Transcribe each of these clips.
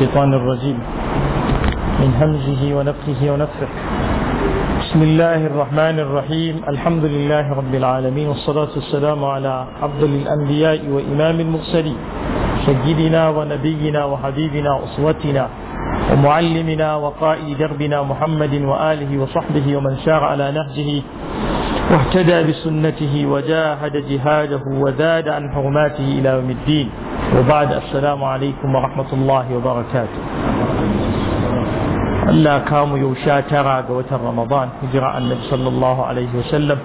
الشيطان الرجيم من همزه ونفخه ونفخه بسم الله الرحمن الرحيم الحمد لله رب العالمين والصلاة والسلام على عبد الأنبياء وإمام المرسلين سيدنا ونبينا وحبيبنا أسوتنا ومعلمنا وقائد دربنا محمد وآله وصحبه ومن شار على نهجه واهتدى بسنته وجاهد جهاده وزاد عن حرماته إلى يوم الدين وبعد السلام عليكم ورحمة الله وبركاته Allah kamu sha tara ga watan Ramadan hijira annabi sallallahu alaihi wasallam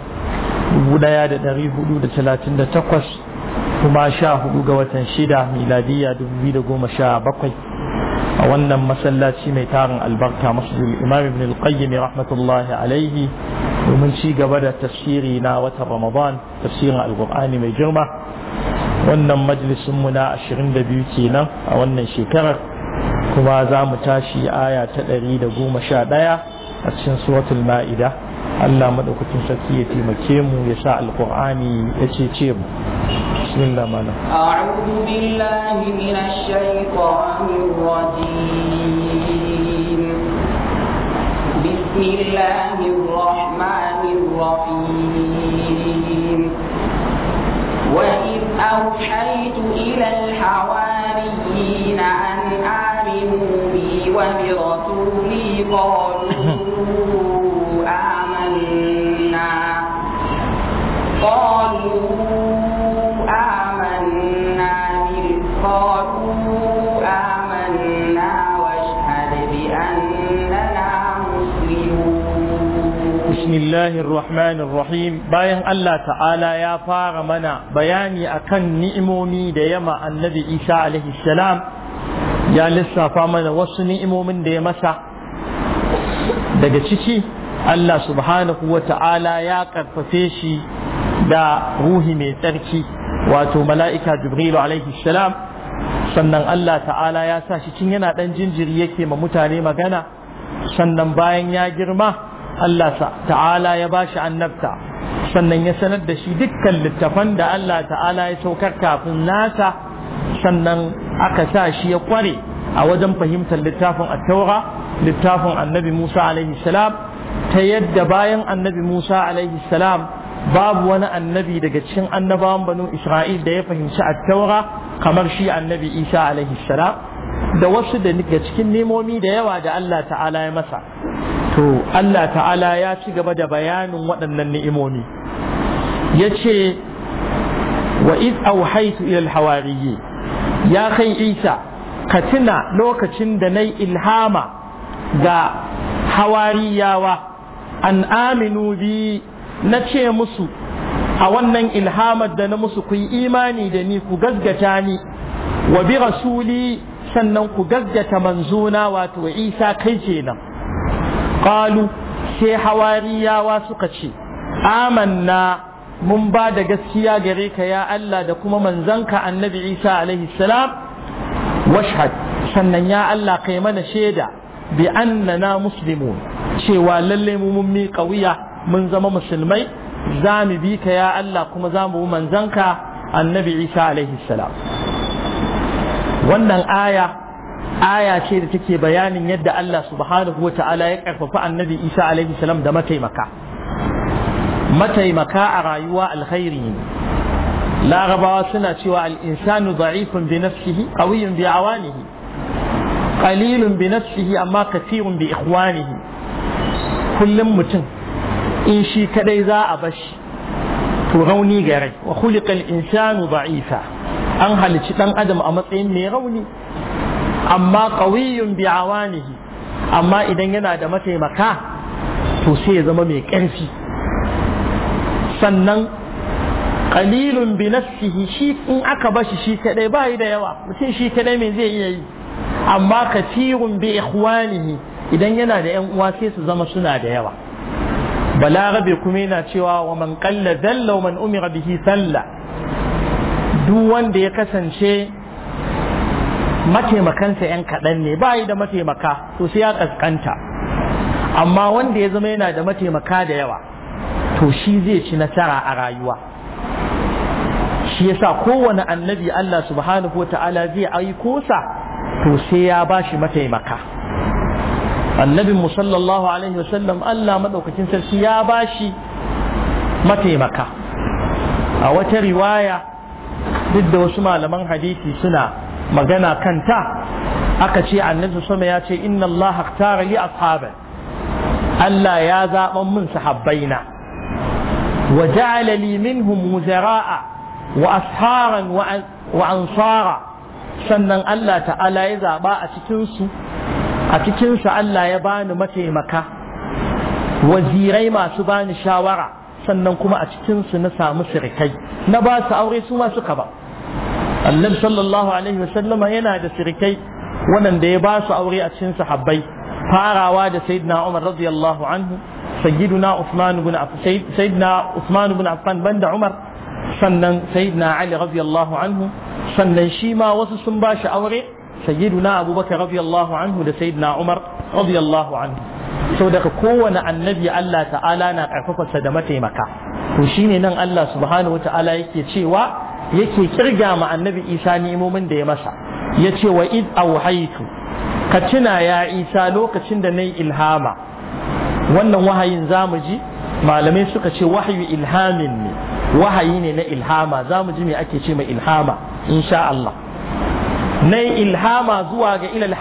ɗaya da ɗari hudu da talatin da takwas kuma sha hudu ga watan shida miladiya dubu biyu da goma sha bakwai a wannan masallaci mai tarin albarka masjidul imam ibn al-qayyim rahmatullahi alaihi domin ci gaba da tafsiri na watan Ramadan tafsirin alqur'ani mai girma wannan majalisunmu na 22 kenan a wannan shekarar kuma za mu tashi aya ta 111 a cikin suratul ma'ida Allah madaukakin sarki ya taimake mu ya sa alqur'ani ya ce mu bismillah mana a'udhu billahi minash shaitanir rajim bismillahir rahmanir rahim wa أوحيت إلى الحواريين أن آمنوا بي وبرسولي قالوا الله الرحمن الرحيم باين الله تعالى يا فار منا بياني أكن نئمومي ديما النبي إيسى عليه السلام يا لسا فامنا وص نئمومن ديمسا دقشيشي الله سبحانه وتعالى يا قرفتيشي دا روحي من تركي واتو ملائكة جبريل عليه السلام sannan Allah ta'ala ya sa shi cin yana ɗan jinjiri yake ma mutane magana sannan bayan ya girma Allah ta'ala ya bashi annabta sannan ya sanar da shi dukkan littafan da Allah ta'ala ya saukar kafin nasa sannan aka sa shi ya kware a wajen fahimtar littafin at littafin annabi Musa alaihi salam ta yadda bayan annabi Musa alaihi salam babu wani annabi daga cikin annabawan banu Isra'il da ya fahimci at kamar shi annabi Isa alaihi salam da wasu daga cikin nemomi da yawa da Allah ta'ala ya masa to Allah ta'ala ya ci gaba da bayanin waɗannan ni'imomi ya ce wa iz auhaitu ilal hawariyyi ya kai isa ka tuna lokacin da nai ilhama ga hawariyawa an aminu bi na ce musu a wannan ilhamar da na musu ku yi imani da ni ku gaggata ni wa bi rasuli sannan ku gaggata manzuna wato isa kai kenan qalu sai hawariyawa suka ce amanna mun ba da gaskiya gare ka ya Allah da kuma manzanka annabi Isa alaihi salam washhad sannan ya Allah kai mana shaida bi annana muslimun cewa lalle mu mun mi kawiya mun zama musulmai za mu bi ka ya Allah kuma za mu manzanka annabi Isa alaihi salam wannan aya aya ce da take bayanin yadda Allah subhanahu wa ta'ala ya karfafa annabi Isa alaihi salam da mataimaka mataimaka a rayuwa alkhairi ne larabawa suna cewa al'insanu da'ifun bi nafsihi qawiyun bi awanihi qalilun bi nafsihi amma kathirun bi ikhwanihi kullum mutum in shi kadai za a bashi to rauni gare wa khuliqa al-insanu da'ifa an halici dan adam a matsayin mai rauni amma qawiyun bi awanihi amma idan yana da mataimaka to sai ya zama mai ƙarfi sannan ƙalilun bi nafsihi shi in aka bashi shi kaɗai ba da yawa mutum shi kaɗai me zai iya yi amma kathirun bi ikhwanihi idan yana da yan uwa sai su zama suna da yawa balarabe kuma yana cewa wa man qalla dalla wa man umira bihi salla duk wanda ya kasance mataimakansa yan kaɗan ne ba yi da mataimaka to sai ya ƙasƙanta amma wanda ya zama yana da mataimaka da yawa to shi zai ci nasara a rayuwa shi yasa kowane annabi Allah subhanahu wa ta'ala zai aiko sa to sai ya ba shi mataimaka annabin mu sallallahu alaihi wasallam Allah maɗaukacin sarki ya ba shi mataimaka a wata riwaya duk da wasu malaman hadisi suna magana kanta aka ce annabi sama ya ce inna Allah ikhtara li ashaban Allah ya zaban min sahabbaina wa ja'ala li minhum muzara'a wa asharan wa ansara sannan Allah ta'ala ya zaba a cikin su a cikin su Allah ya bani mataimaka wazirai masu bani shawara sannan kuma a cikin su na samu sirikai na ba su aure su ma suka ba annabi sallallahu alaihi wasallam yana da sirikai waɗanda ya ba su aure a cikin sahabbai farawa da sayyidina Umar radiyallahu anhu sayyiduna Uthman ibn Affan sayyidina Uthman ibn Affan banda Umar sannan sayyidina Ali radiyallahu anhu sannan shi ma wasu sun ba shi aure sayyiduna Abubakar radiyallahu anhu da sayyidina Umar radiyallahu anhu sau daga kowane annabi Allah ta'ala na ƙarfafarsa da mataimaka to shine nan Allah subhanahu wa ta'ala yake cewa yake kirga ma annabi isa nemomin da ya masa ya ce wa id auhaitu ka tuna ya isa lokacin da na ilhama wannan wahayin zamu ji malamai suka ce wahayu ilhamin ne wahayi ne na ilhama zamu ji me ake ce mai ilhama insha Allah na ilhama zuwa ga ilal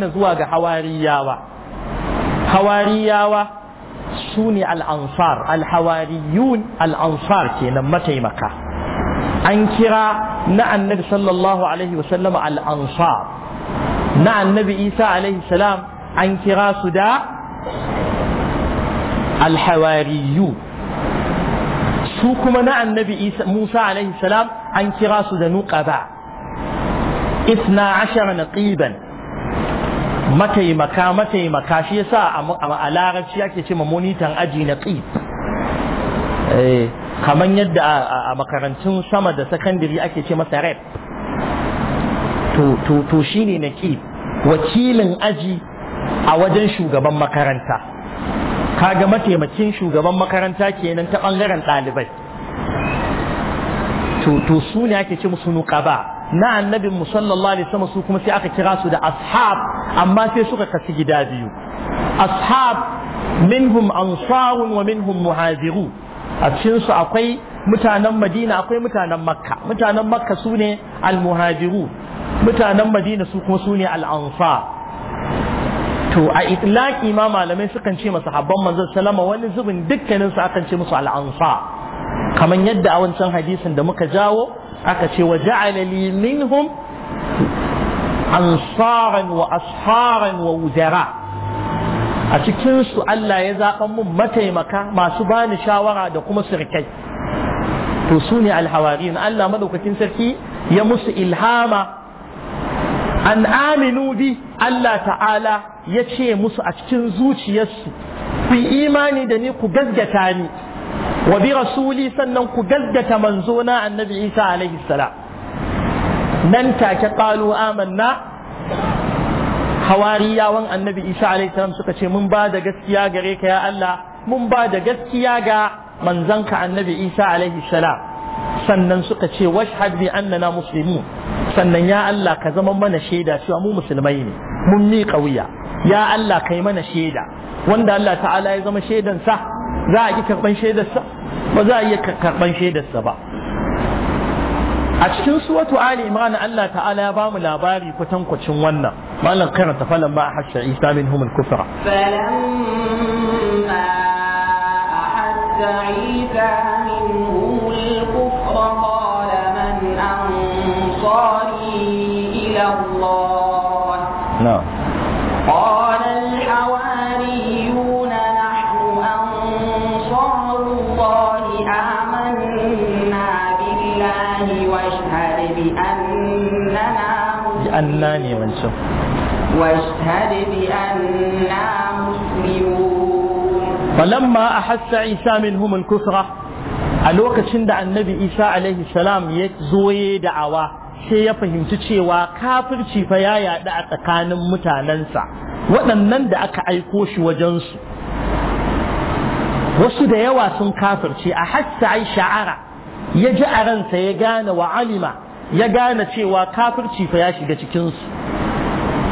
na zuwa ga hawariyawa hawariyawa su ne al-ansar al-hawariyun al-ansar kenan mataimaka an kira na annabi sallallahu alaihi wasallam al'ansar na annabi isa alaihi salam an kira su da alhawariyu su kuma na annabi musa alaihi salam an kira su da nuqaba isna ashara naqiban mataimaka mataimaka shi yasa a larabci ake ce ma monitan aji naqib eh kamar yadda a makarantun sama da sakandare ake ce masa rep to shi ne na ƙi wakilin aji a wajen shugaban makaranta kaga mataimakin shugaban makaranta kenan ta ɓangaren ɗalibai to su ne ake ce musu nuka ba. na annabin mu alaihi sama su kuma sai aka kira su da ashab amma sai suka kasu gida biyu ashab minhum ansarun wa minhum muhaziru a su akwai mutanen madina akwai mutanen makka mutanen makka su ne almuhajiru mutanen madina su kuma su ne al'ansa to a itlaki ma malamai sukan ce masu habban manzon salama wani zubin dukkanin su akan ce musu al'ansa kamar yadda a wancan hadisin da muka jawo aka ce wa ja'ala li minhum ansaran wa asharan wa wuzara a cikin su Allah ya zaɓa mun mataimaka masu bani shawara da kuma sirkai to su ne alhawarin Allah madaukakin sarki ya musu ilhama an aminu bi Allah ta'ala ya ce musu a cikin zuciyarsu ku imani da ni ku gaggata ni wa bi rasuli sannan ku gaggata manzona annabi Isa alaihi salam nan take qalu amanna hawariyawan annabi isa alaihi salam suka ce mun ba da gaskiya gare ka ya Allah mun ba da gaskiya ga manzanka annabi isa alaihi salam sannan suka ce washhad bi annana muslimun sannan ya Allah ka zama mana shaida cewa mu musulmai ne mun mi kauya ya Allah kai mana shaida wanda Allah ta'ala ya zama shaidan sa za a yi karban shaidar sa ba za a iya karban shaidar sa ba a cikin suwatu ali imran Allah ta'ala ya bamu labari kwatankwacin wannan malam karanta falan ba hasha isa min humul kufra falamma anna ne wancan واشهد بأننا مسلمون فلما أحس عيسى منهم a lokacin da annabi isa alaihi salam ya zo ya da'awa sai ya fahimci cewa kafirci fa ya yaɗu a tsakanin mutanensa waɗannan da aka aiko shi wajensu wasu da yawa sun kafirce a hassa ai sha'ara ya ji a ransa ya gane wa alima ya gane cewa kafirci fa ya shiga cikinsu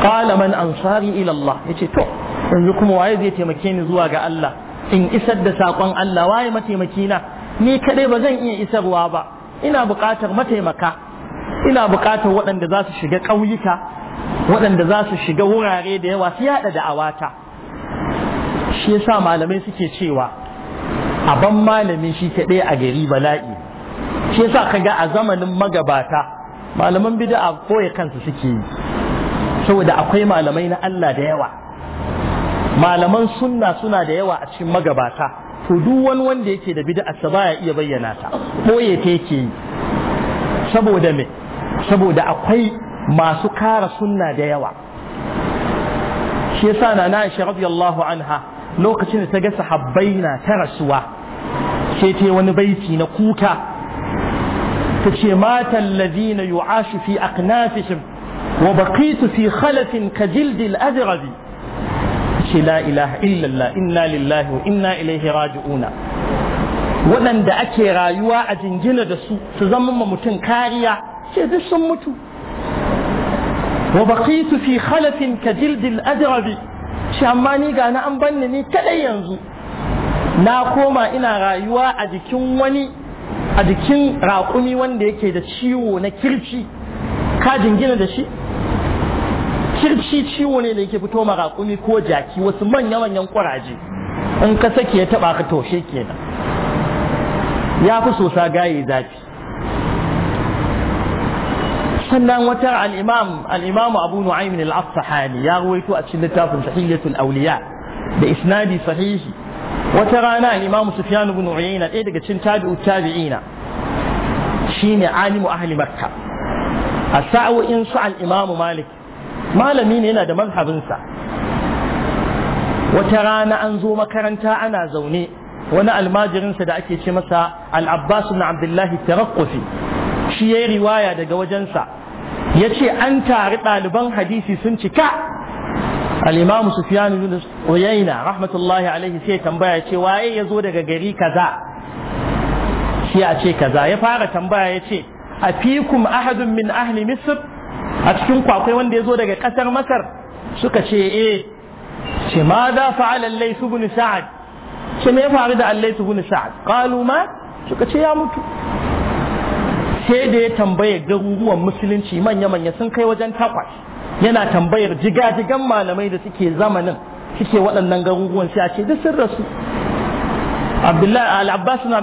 qala man ansari ila Allah yace to yanzu kuma waye zai taimake ni zuwa ga Allah in isar da sakon Allah waye mataimaki na ni kadai ba zan iya isarwa ba ina buƙatar mataimaka ina buƙatar waɗanda za su shiga ƙauyuka waɗanda za su shiga wurare da yawa su yaɗa da'awata shi yasa malamai suke cewa aban malami shi kaɗai a gari bala'i shi yasa kaga a zamanin magabata malaman bid'a koye kansu suke yi saboda akwai malamai na Allah da yawa malaman sunna suna da yawa a cikin magabata to duk wani wanda yake da bid'a sa baya iya bayyana ta koye ta yake yi saboda me saboda akwai masu kara sunna da yawa shi yasa na na Aisha radiyallahu anha lokacin da ta ga sahabbai na ta rasuwa sai ta wani baiti na kuka ta ce matan lazina yi wa fi aknafishin wa bakitu fi khalafin ka jildil azirazi ce la ilaha illallah inna lillahi wa inna ilaihi raji'una waɗanda ake rayuwa a jingina da su su zama ma mutum kariya ce duk sun mutu wa bakitu fi khalafin ka jildil azirazi shi amma ni ga an banni ni kaɗai yanzu na koma ina rayuwa a jikin wani a jikin raƙumi wanda yake da ciwo na kirci ka jingina da shi kirci ciwo ne da yake fito ma raƙumi ko jaki wasu manya-manyan ƙwaraje. in ka sake ya taɓa ka toshe kenan ya fi sosa gaye zafi sannan wata al'imam al'imamu abu nu'aymin al-asfahani ya ruwaito a cikin littafin sahihatul awliya da isnadi sahihi wata rana imamu sufyan ibn uyayna ɗaya daga cikin tabi'u tabi'ina shine alimu ahli makka a in su al-imamu malik malami ne yana da manhabinsa wata rana an zo makaranta ana zaune wani almajirinsa da ake ce masa al-abbas ibn abdullahi taraqqufi shi yayi riwaya daga wajensa Ya ce an tari ɗaliban hadisi sun cika al-imam sufyan ibn Oyaina rahmatullahi alaihi sai tambaya ce waye zo daga gari kaza sai a ce kaza ya fara tambaya ya ce a fikum ahadun min ahli misr a cikin kwakwai wanda ya zo daga kasar masar suka ce eh ce ma za fa'ala al-lays ibn sa'ad ce me ya faru da allai su ibn sa'ad qalu ma suka ce ya mutu sai da ya tambaye garuruwan musulunci manya-manya sun kai wajen takwas yana tambayar jigajigan malamai da suke zamanin suke waɗannan garuruwan sai a ce duk sun rasu al Abdullahi ta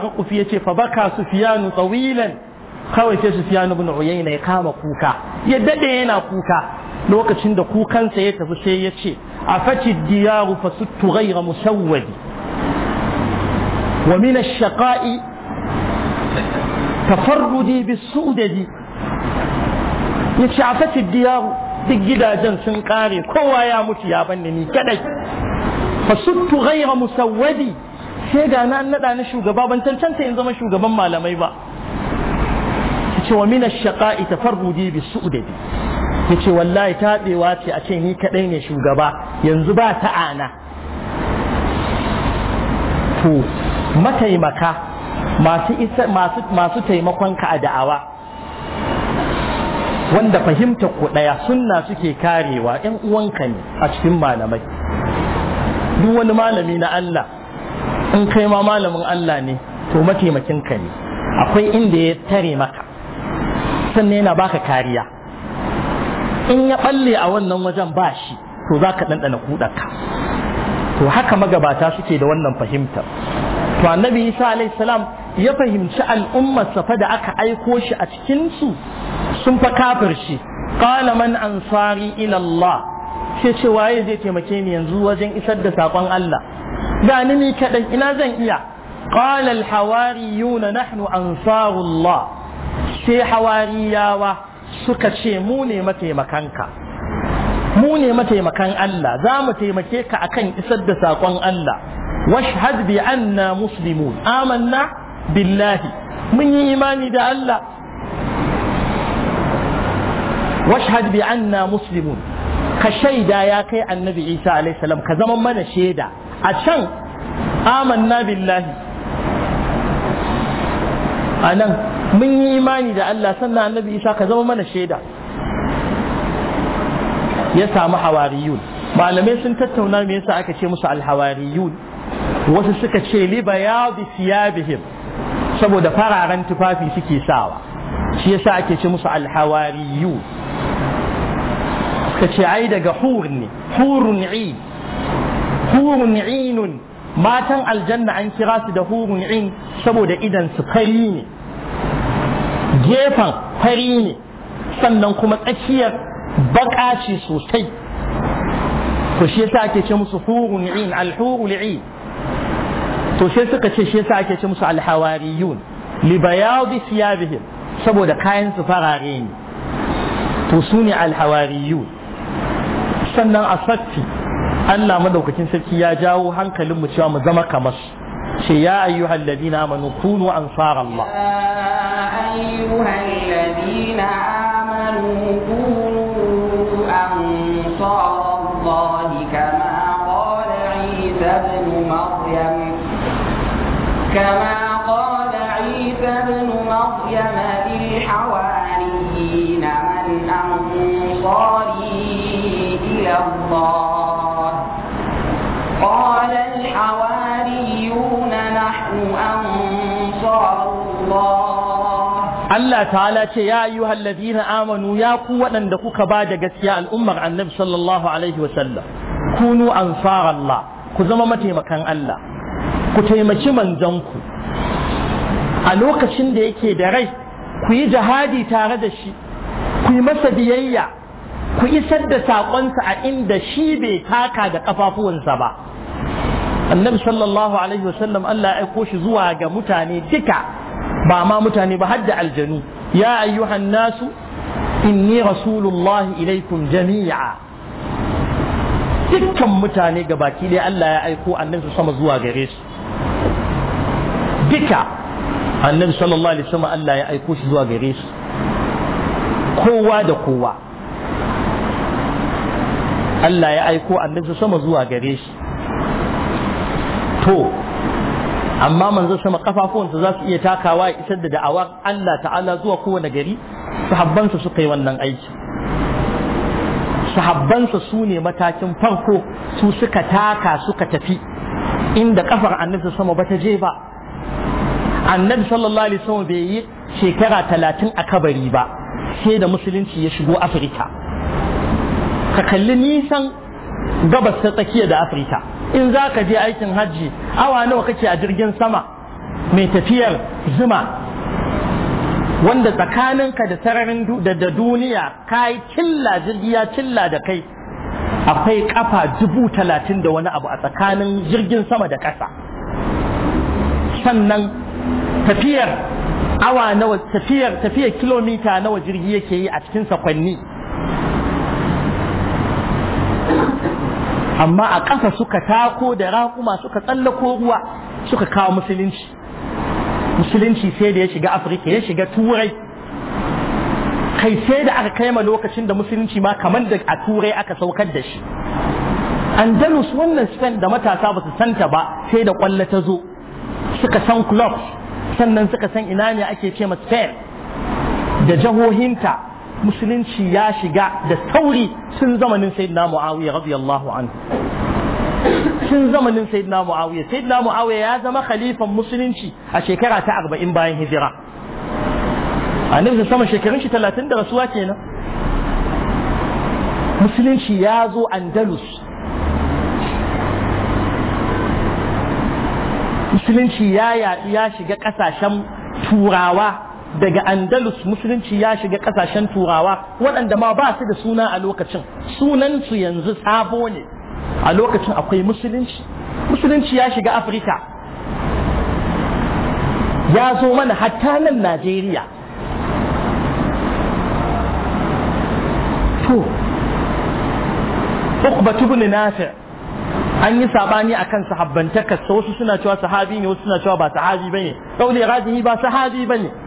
abdullahi ya ce, fa baka sufyanu tsawilan? kawai sai sufyan ibn na, ya kama kuka ya dade yana kuka lokacin da kukansa ya tafi sai ya ce afati diyaru su ghayra musawwadi wa min shaqai tafarrudi bis-sudadi ya ce a duk gidajen sun kare kowa ya mutu ya banne ni kadai fasuttu ghaira musawwadi sai ga na nada na shugaba ban tantance in zama shugaban malamai ba yace wa min ash-shaqa'i tafarrudi bi su'dadi ce wallahi tabewa ce a ce ni kadai ne shugaba yanzu ba ta'ana to mataimaka masu masu masu taimakon ka a da'awa wanda fahimta ku ɗaya sunna suke karewa ‘yan uwanka ne a cikin malamai duk wani malami na Allah in kai ma malamin Allah ne to mataimakin ka ne akwai inda ya tare maka sannan yana baka kariya in ya balle a wannan wajen ba shi to zaka ka ɗanɗana kuɗaka to haka magabata suke da wannan fahimtar to annabi isa salam ya fahimci al'ummarsa fa da aka aiko shi a cikin su sun fa kafir shi qala man ansari ila Allah sai ce waye zai taimake ni yanzu wajen isar da sakon Allah da ni ni kadan ina zan iya qala al hawariyuna nahnu ansarullah sai hawariyawa suka ce mu ne mataimakanka mu ne mataimakan Allah za mu taimake ka akan isar da saƙon Allah washhad bi anna muslimun amanna billahi mun yi imani da Allah washhad bi anna muslimun ka shaida ya kai annabi Isa alaihi salam ka zama mana shaida a can amanna billahi a nan mun yi imani da Allah sannan annabi Isa ka zama mana shaida ya samu hawariyun malamai sun tattauna me yasa aka ce musu alhawariyun wasu suka ce li bayadi siyabihim saboda fararen tufafi suke sawa shi yasa ake ce musu alhawariyun suka ce ai daga hur ne hurun i hurun inun matan aljanna an kira su da hurun in saboda idan su fari ne gefen fari ne sannan kuma tsakiyar baka ce sosai to shi yasa ake ce musu hurun in alhurul in to sai suka ce shi yasa ake ce musu alhawariyun li bayadi siyabihim saboda kayan su farare ne to su ne alhawariyun sannan a satti Allah madaukakin sarki ya jawo hankalin mu cewa mu zama kamar su ce ya ayyuhal ladina amanu kunu ansar Allah ya ayyuhal ladina amanu kunu نصارى الله كما قال عيسى بن مريم كما قال عيسى ابن مريم للحواريين من أنصاري إلى الله Allah ta'ala ce ya yi hallazina amanu ya ku waɗanda kuka ba da gaskiya al'ummar annabi sallallahu alaihi wa sallam. kunu ansar Allah ku zama mataimakan Allah ku taimaki ku a lokacin da yake da rai ku yi jihadi tare da shi ku yi masa biyayya ku isar da saƙonsa a inda shi bai taka da ƙafafuwansa ba annabi sallallahu alaihi wa sallam Allah ya aiko shi zuwa ga mutane duka ba ma mutane ba hadda aljanu ya ayyuhan nasu inni rasulullahi ilaikum jami'a dukkan mutane ga baki dai Allah ya aiko annabi sama zuwa gare su duka annabi sallallahu alaihi wasallam Allah ya aiko shi zuwa gare su kowa da kowa Allah ya aiko annabi sama zuwa gare shi to amma manzo sama kafafuwansa za su iya takawa ya isar da da'awa Allah ta'ala zuwa kowane gari sahabbansa suka yi wannan aiki sahabbansa su ne matakin farko su suka taka suka tafi inda kafar annabi sama ba ta je ba annabi sallallahu alaihi wasallam bai yi shekara talatin a kabari ba sai da musulunci ya shigo afirka ka kalli nisan gabas ta tsakiya da afirka in za ka je aikin hajji awa nawa kake a jirgin sama mai tafiyar zuma wanda tsakaninka da sararin da duniya ka yi cilla jirgi ya cilla da kai akwai kafa dubu talatin da wani abu a tsakanin jirgin sama da ƙasa sannan tafiyar awa nawa tafiyar tafiyar kilomita nawa jirgi yake yi a cikin sakwanni amma a ƙasa suka tako da raƙuma suka tsallako ruwa suka kawo musulunci musulunci sai da ya shiga afirka ya shiga turai kai sai da aka kai ma lokacin da musulunci ma kamar da a turai aka saukar da shi andalus wannan spain da matasa ba su santa ba sai da kwallo ta zo suka san clubs sannan suka san ina ne ake ce ma spain da jahohinta musulunci ya shiga da sauri sun zamanin sayyidina muawiya radiyallahu anhu Sun zamanin sayyidina muawiya sayyidina muawiya ya zama khalifan musulunci a shekara ta 40 bayan hijira annabi sama shekarun shi 30 da rasuwa kenan musulunci ya zo andalus musulunci ya yaɗu ya shiga ƙasashen turawa daga andalus musulunci ya shiga kasashen turawa waɗanda ma ba su da suna a lokacin sunansu yanzu sabo ne a lokacin akwai musulunci musulunci ya shiga afirka ya zo mana hatta nan najeriya to ukbatu bin nasir an yi sabani akan sahabbantakarsa wasu suna cewa sahabi ne wasu suna cewa ba sahabi bane ne rajihi ba sahabi bane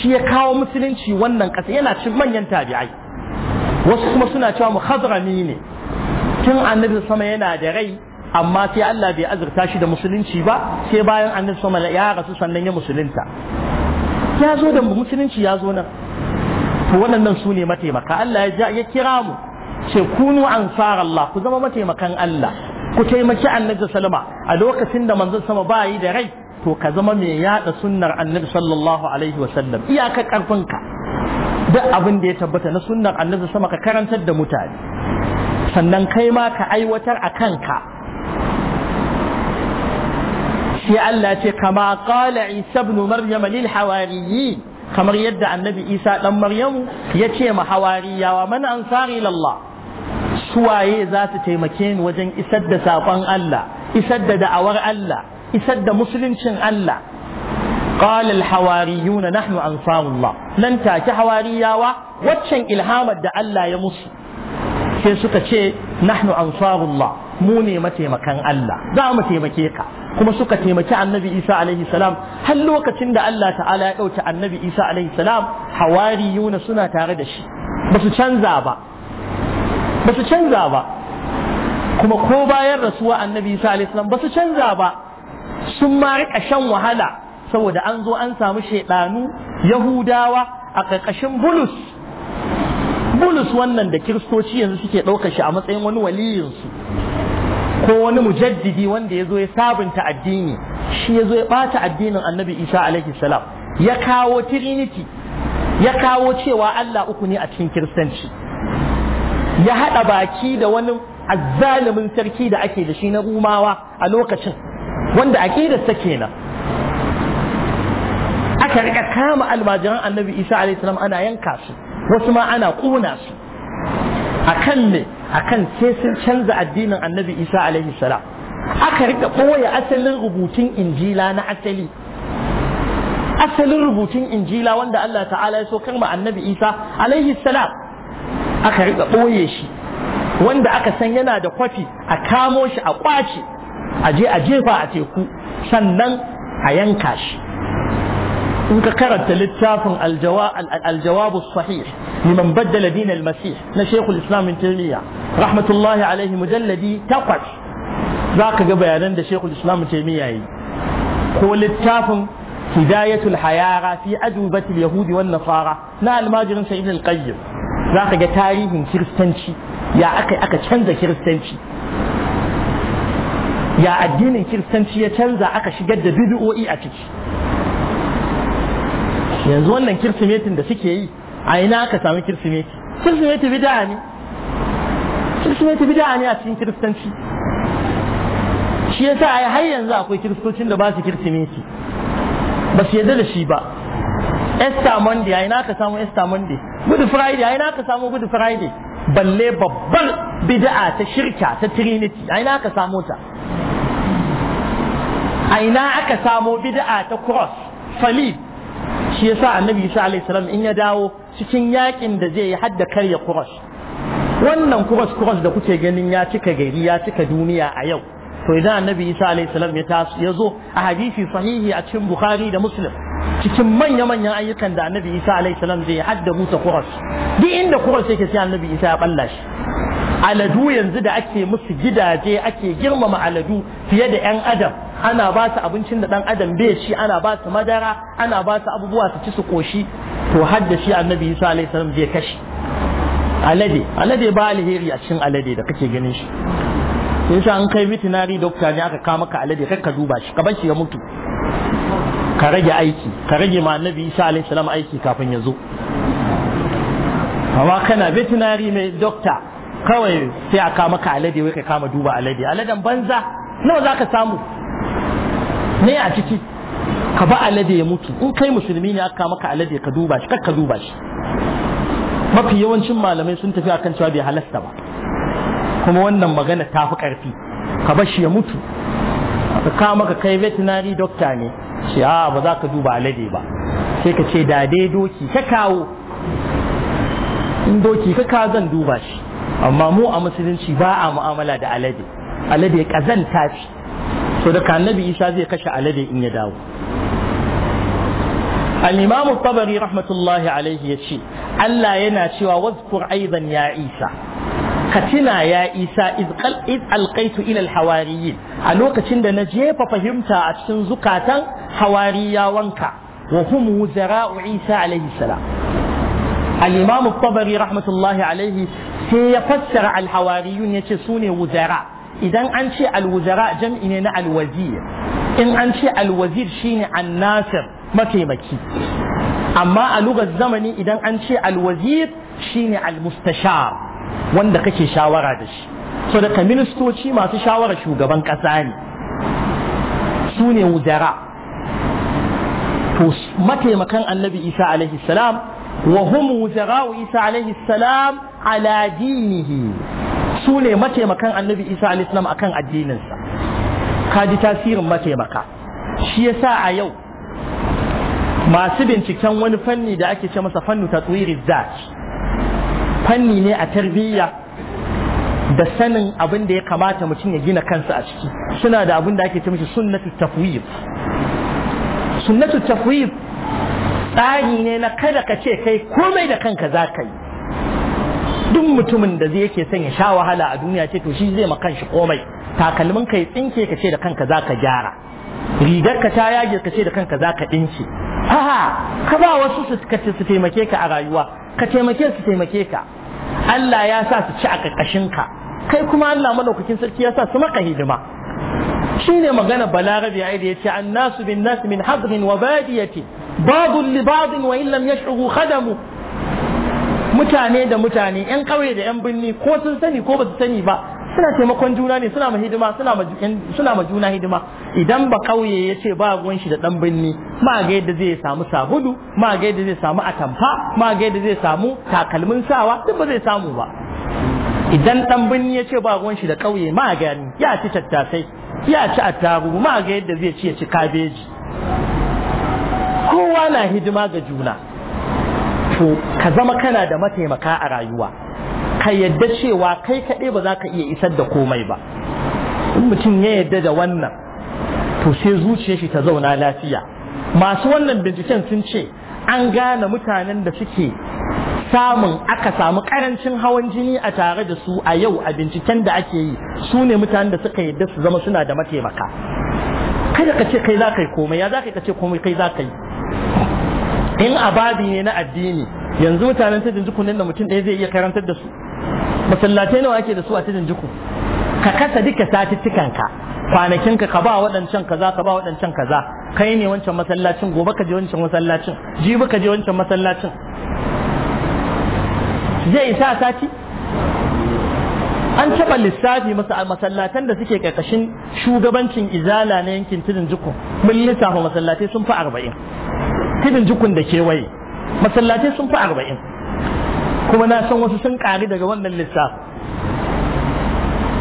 shi ya kawo musulunci wannan ƙasa yana cin manyan tabi'ai wasu kuma suna cewa mu ne tun annabi sama yana da rai amma sai Allah bai azurta shi da musulunci ba sai bayan annabi sama ya rasu sannan ya musulunta ya zo da musulunci ya zo nan to waɗannan su ne mataimaka Allah ya kira mu ce kunu ansar Allah ku zama mataimakan Allah ku taimaki annabi salama a lokacin da manzon sama ba yi da rai to ka zama mai yada sunnar annabi sallallahu alaihi wasallam iyaka karfinka duk abin da ya tabbata na sunnar annabi sama ka karantar da mutane sannan kai ma ka aiwatar a kanka sai Allah ce kama qala Isa ibn Maryam lil kamar yadda annabi Isa dan Maryam ya ce ma hawariyawa man ansari lallah suwaye za su taimake ni wajen isar da saƙon Allah isar da da'awar Allah isar da musuluncin Allah قال الحواريون نحن أنصار الله nan take hawariyawa waccan ilhamar da Allah ya musu sai suka ce nahnu ansarullah mu ne mataimakan Allah za mu taimake ka kuma suka taimaki annabi Isa alaihi salam har lokacin da Allah ta'ala ya ɗauki annabi Isa alaihi salam hawariyuna suna tare da shi ba su canza ba ba su canza ba kuma ko bayan rasuwa annabi Isa alaihi salam ba su canza ba sun ma rika shan wahala saboda an zo an samu shaidanu yahudawa a ƙarƙashin bulus bulus wannan da kiristoci yanzu suke ɗauka shi a matsayin wani waliyinsu ko wani mujaddidi wanda ya zo ya sabunta addini shi ya zo ya ɓata addinin annabi isa alaihi salam ya kawo trinity ya kawo cewa allah uku ne a cikin kiristanci ya haɗa baki da wani azzalimin sarki da ake da shi na rumawa a lokacin wanda aqidarsa kenan aka rika kama almajiran annabi isa alayhi ana yanka su wasu ma ana kuna su akan ne akan sai sun canza addinin annabi isa alayhi salam aka rika koya asalin rubutun injila na asali asalin rubutun injila wanda Allah ta'ala ya so karma annabi isa alayhi aka rika ɓoye shi wanda aka san yana da kwafi a kamo shi a kwace a je a jefa a teku sannan a yanka shi in ka karanta littafin aljawabu sahih liman baddala almasih na shekul islam ibn taymiya rahmatullahi alaihi mujalladi takwas za ka ga bayanan da shekul islam ibn taymiya yi ko littafin hidayatul hayara fi adubatil yahudi wan nasara na almajirin sa ibn al-qayyim za ka ga tarihin kiristanci ya aka aka canza kiristanci ya addinin kiristanci ya canza aka shigar da bidu'o'i a ciki yanzu wannan kirsimetin da suke yi a ina aka sami kirsimeti kirsimeti bid'a ne kirsimeti bid'a ne a cikin kiristanci shi yasa ai har yanzu akwai kiristocin da ba su kirsimeti ba su yarda da shi ba Easter Monday ai na ka samu Easter Monday Good Friday ai na ka samu Good Friday balle babbar bid'a ta shirka ta Trinity ai na ka samu ta a ina aka samo bid'a ta cross falid shi yasa annabi isa alaihi salam in ya dawo cikin yakin da zai yi hadda karya cross wannan cross cross da kuke ganin ya cika gari ya cika duniya a yau to idan annabi isa alaihi salam ya taso ya zo a hadisi sahihi a cikin bukhari da muslim cikin manya manyan ayyukan da annabi isa alaihi salam zai hadda musa cross duk inda cross yake sai annabi isa ya balla shi aladu yanzu da ake musu gidaje ake girmama aladu fiye da 'yan adam ana ba su abincin da ɗan adam bai ci ana ba su madara ana ba su abubuwa su ci su koshi to har da shi annabi isa alaihi salam zai kashi alade alade ba alheri a cikin alade da kake ganin shi sai sa an kai veterinary doctor ne aka kama ka alade kai ka duba shi ka bar shi ya mutu ka rage aiki ka rage ma annabi isa alaihi salam aiki kafin ya zo amma kana veterinary mai doctor kawai sai a kama ka alade wai ka kama duba alade aladen banza nawa za ka samu ne a ciki ka ba alade ya mutu in kai musulmi ne aka kama ka alade ka duba shi ka duba shi mafi yawancin malamai sun tafi akan cewa bai halasta ba kuma wannan magana ta fi karfi ka shi ya mutu ka kama ka kai veterinary doctor ne ce a ah, ba za ka duba alade ba sai ka ce da dai doki ka kawo in doki ka kawo zan duba shi amma mu a musulunci ba a mu'amala da alade alade kazanta ce so da annabi isa zai kashe alade in ya dawo al-imam tabari rahmatullahi yace Allah yana cewa wazkur aidan ya isa ka tuna ya isa iz alqaitu ila al-hawariyin a lokacin da na jefa fahimta a cikin zukatan hawariyawanka wa hum wuzara'u isa salam al-imam tabari rahmatullahi sai ya fassara alhawariyun ya ce su ne wuzara idan an ce alwuzara jam'i ne na alwazir in an ce alwazir shine annasir mataimaki amma a lugar zamani idan an ce alwazir shine almustashar wanda kake shawara da shi so daga ministoci masu shawara shugaban kasa ne su ne wuzara to mataimakan annabi isa alaihi salam wa hum wuzara isa alaihi salam ala dinihi su ne mataimakan annabi isa alislam akan addininsa kaji tasirin mataimaka shi yasa a yau masu binciken wani fanni da ake ce masa fannu ta zat fanni ne a tarbiyya da sanin abin da ya kamata mutum ya gina kansa a ciki suna da abin da ake ce mishi sunnatu tafwid sunnatu tafwid tsari ne na kada ka ce kai komai da kanka za ka yi duk mutumin da zai yake son ya sha wahala a duniya ce to shi zai ma kanshi komai takalmin kai tsinke ka ce da kanka zaka gyara rigar ka ta yage ka ce da kanka zaka dince ha ka ba wasu su kace su taimake ka a rayuwa ka taimake su taimake ka Allah ya sa su ci a kakashin ka kai kuma Allah madaukakin sarki ya sa su maka hidima shine magana balarabi ai da yace annasu bin nas min hadrin wa badiyati ba'd li ba'd wa in lam khadamu mutane da mutane yan ƙauye da yan birni ko sun sani ko ba su sani ba suna taimakon juna ne suna ma hidima suna ma juna hidima idan ba ƙauye ya ce ba ruwan shi da ɗan birni ma ga yadda zai samu sabulu ma ga yadda zai samu atamfa ma ga yadda zai samu takalmin sawa duk ba zai samu ba idan ɗan birni ya ce ba ruwan shi da kauye ma ya ci tattasai ya ci attarugu ma ga yadda zai ci ya ci kabeji kowa na hidima ga juna to ka zama kana da mataimaka a rayuwa ka yadda cewa kai kaɗai ba za ka iya isar da komai ba in mutum ya yadda da wannan to sai zuciyar shi ta zauna lafiya masu wannan binciken sun ce an gane mutanen da suke samun aka samu karancin hawan jini a tare da su a yau a binciken da ake yi su ne mutanen da suka yadda su zama suna da mataimaka kada ka ce kai za ka yi komai ya za ka ka ce komai kai za ka yi in ababi ne na addini yanzu mutanen ta jinjiku nan da mutum ɗaya zai iya karantar da su masallatai nawa ake da su a ta jinjiku ka kasa duka satuttukan ka kwanakin ka ba waɗancan kaza ka ba waɗancan kaza kai ne wancan masallacin gobe ka je wancan masallacin jibi ka je wancan masallacin zai isa sati an taɓa lissafi masa masallatan da suke ƙarƙashin shugabancin izala na yankin tudun jikun mun lissafa masallatai sun fi arba'in tudun jikun da kewaye masallatai sun fi arba'in kuma na san wasu sun ƙari daga wannan lissafi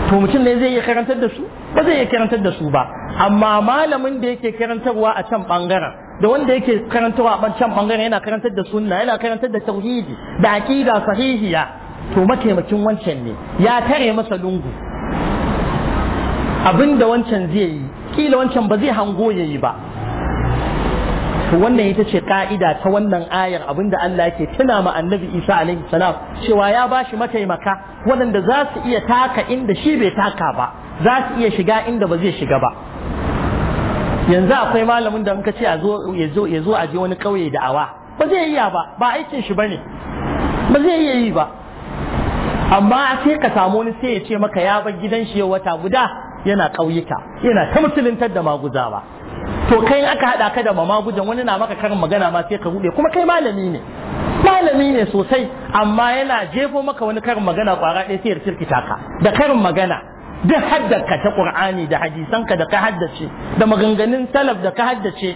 to mutum ne zai iya karantar da su ba zai iya karantar da su ba amma malamin da yake karantarwa a can ɓangaren da wanda yake karantarwa a can ɓangaren yana karantar da sunna yana karantar da tauhidi da aqida sahihiya to mataimakin wancan ne ya tare masa lungu abinda wancan zai yi kila wancan ba zai hango ya yi ba to wannan ita ce ka'ida ta wannan ayar abinda Allah yake tuna ma annabi Isa alaihi salam cewa ya bashi mataimaka waɗanda za su iya taka inda shi bai taka ba za su iya shiga inda ba zai shiga ba yanzu akwai malamin da muka ce ya zo a je wani ƙauye da awa ba zai iya ba ba aikin shi bane ba zai iya yi ba amma sai ka samu wani sai ya ce maka ya bar gidan shi wata guda yana ƙauyuka yana ta musuluntar da maguzawa to kai aka haɗa ka da gujan wani na maka karin magana ma sai ka ruɗe kuma kai malami ne malami ne sosai amma yana jefo maka wani karin magana ƙwara ɗaya sai ya kirkita ka da karin magana duk haddaka ta Qur'ani da hadisanka da ka haddace da maganganun salaf da ka haddace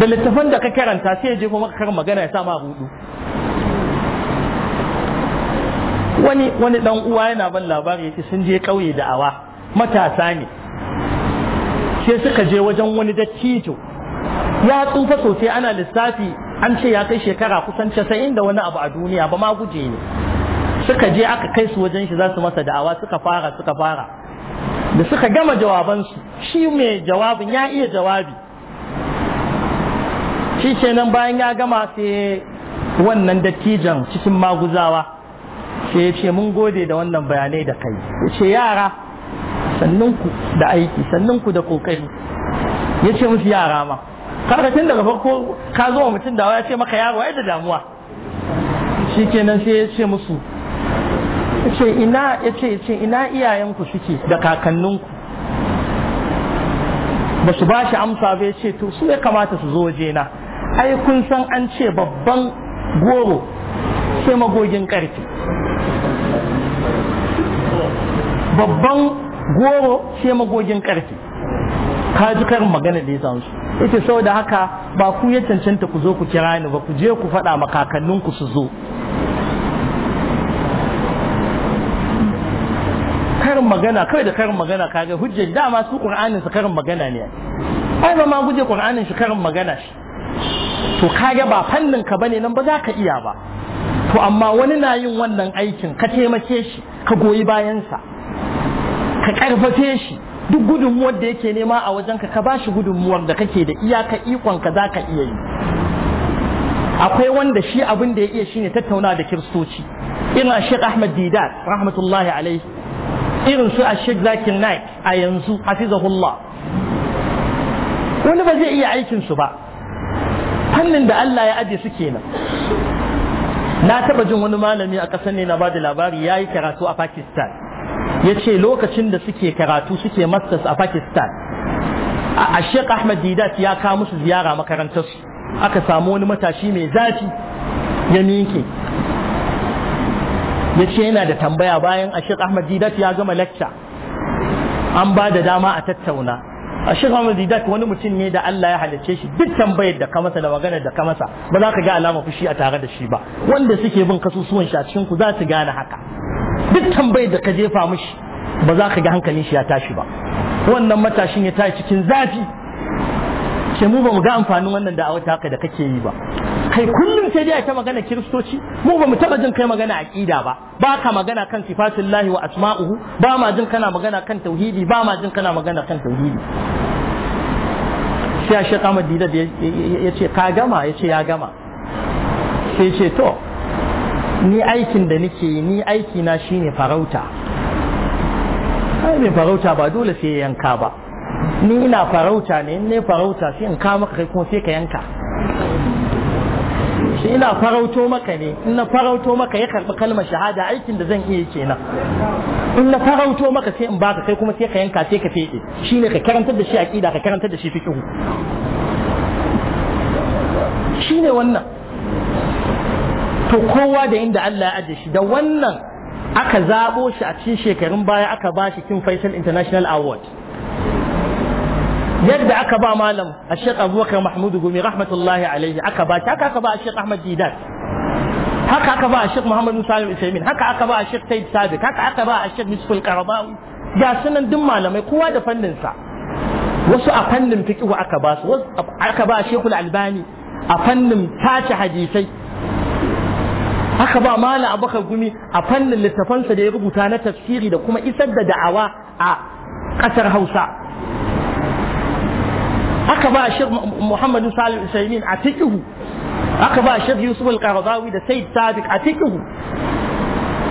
da littafin da ka karanta sai ya jefo maka karin magana ya sa ma hudu wani wani dan uwa yana ban labari yace sun je kauye da awa matasa ne sai suka je wajen wani dattijo ya tsufa sosai ana lissafi an ce ya kai shekara kusan casa'in da wani abu a duniya ba ma guje ne suka je aka kai su wajen shi za su masa da'awa suka fara suka fara da suka gama jawabansu shi mai jawabin ya iya jawabi shi kenan bayan ya gama sai wannan dattijan cikin maguzawa sai ya ce mun gode da wannan bayanai da kai ya ce yara sannan ku da aiki sannan ku da kokari ya ce musu yara ma karkacin daga farko ka zo mutum da ya ce maka yaro ai da damuwa shi kenan sai ya ce musu ya ce ina ya ce ina iyayenku suke da kakanninku ba su ba shi amsa ba ya ce to su ya kamata su zo waje na ai kun san an ce babban goro sai magogin ƙarfi babban goro sai magogin ƙarfi ka ji karin magana da ya samu su ita sau da haka ba ku ya cancanta ku zo ku kira ni ba ku je ku faɗa ku su zo karin magana kawai da karin magana ka ga hujjar dama su ƙur'anin su karin magana ne ai ba ma guje ƙur'anin shi karin magana shi to kaga ba fannin ka bane nan ba za ka iya ba to amma wani na yin wannan aikin ka taimake shi ka goyi bayansa ka karfafe shi duk gudunmuwar da yake nema a wajen ka ba shi gudunmuwar da kake da iyaka ikon ka iya yi akwai wanda shi abin da ya iya shine tattauna da kiristoci irin a Sheikh Ahmad Didat rahmatullahi alaihi irin su a Sheikh Naik a yanzu hafizahullah wani ba zai iya aikin su ba fannin da Allah ya ajiye su kenan na taba jin wani malami a kasar ne na bada labari ya yi karatu a pakistan ya ce lokacin da suke karatu suke masters a pakistan a sheikh ahmad didat ya kawo musu ziyara makarantar su aka samu wani matashi mai zafi ya miƙe ya ce yana da tambaya bayan a sheikh ahmad didat ya gama lecture an ba da dama a tattauna a shirya zidat wani mutum ne da Allah ya halicce shi duk tambayar da ka masa da maganar da ka masa ba za ka ga alama fushi a tare da shi ba wanda suke bin kasusuwan shi a cikin ku za su gane haka duk tambayar da ka jefa mishi ba za ka ga hankalin shi ya tashi ba wannan matashin ya tashi cikin zafi ce mu ba mu ga amfanin wannan a wata haka da kake yi ba kai kullum sai dai a ta magana kiristoci mu ba mu taba jin kai magana aqida ba ba ka magana kan sifatullahi wa asma'uhu ba ma jin kana magana kan tauhidi ba ma jin kana magana kan tauhidi sai Sheikh Ahmad da ya ce ka gama ya ce ya gama sai ce to ni aikin da nake ni aiki na shine farauta ai mai farauta ba dole sai yanka ba ni ina farauta ne in ne farauta sai in kama maka kai kuma sai ka yanka shi ina farauto maka ne in na farauto maka ya karɓi kalmar shahada aikin da zan iya kenan in na farauto maka sai in baka kai kuma sai ka yanka sai ka fede shine ka karantar da shi aqida ka karantar da shi fiqh shine wannan to kowa da inda Allah ya aje shi da wannan aka zabo shi a cikin shekarun baya aka ba shi King Faisal International Award yadda aka ba malam a shek abubakar mahmudu gumi rahmatullahi alaihi aka ba ki haka aka ba a shek ahmad didat haka aka ba a shek Muhammadu Salim al haka aka ba a shek said sabiq haka aka ba a shek misful karabawi ga sunan duk malamai kowa da fannin sa wasu a fannin fiqh aka ba su wasu aka ba a shekul albani a fannin tace hadisai aka ba malam abubakar gumi a fannin littafansa da ya rubuta na tafsiri da kuma isar da da'awa a ƙasar hausa aka ba shek muhammadu Salim usaimin a tikihu aka ba shek yusuf al-qaradawi da sayyid sadiq a tikihu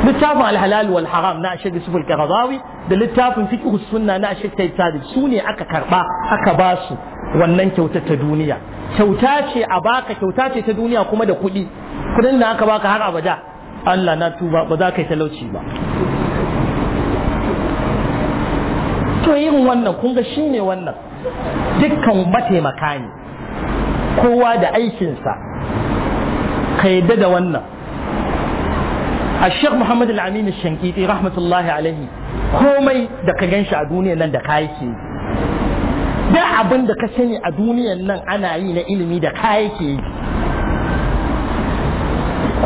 littafin alhalal wal haram na shek yusuf al-qaradawi da littafin fiqh sunna na shek sayyid sadiq su ne aka karba aka ba su wannan kyauta ta duniya kyauta ce a baka kyauta ce ta duniya kuma da kuɗi kuɗin da aka baka har abada Allah na tuba ba za ka yi talauci ba to yin wannan kun ga shine wannan dukkan mataimaka ne kowa da aikinsa ka yadda da wannan الشيخ al العمين الشنقيطي shankiti rahmatullahi عليه komai da ka gan shi a duniyan nan da kayake da abin da ka sani a duniyan nan ana yi na ilimi da kayake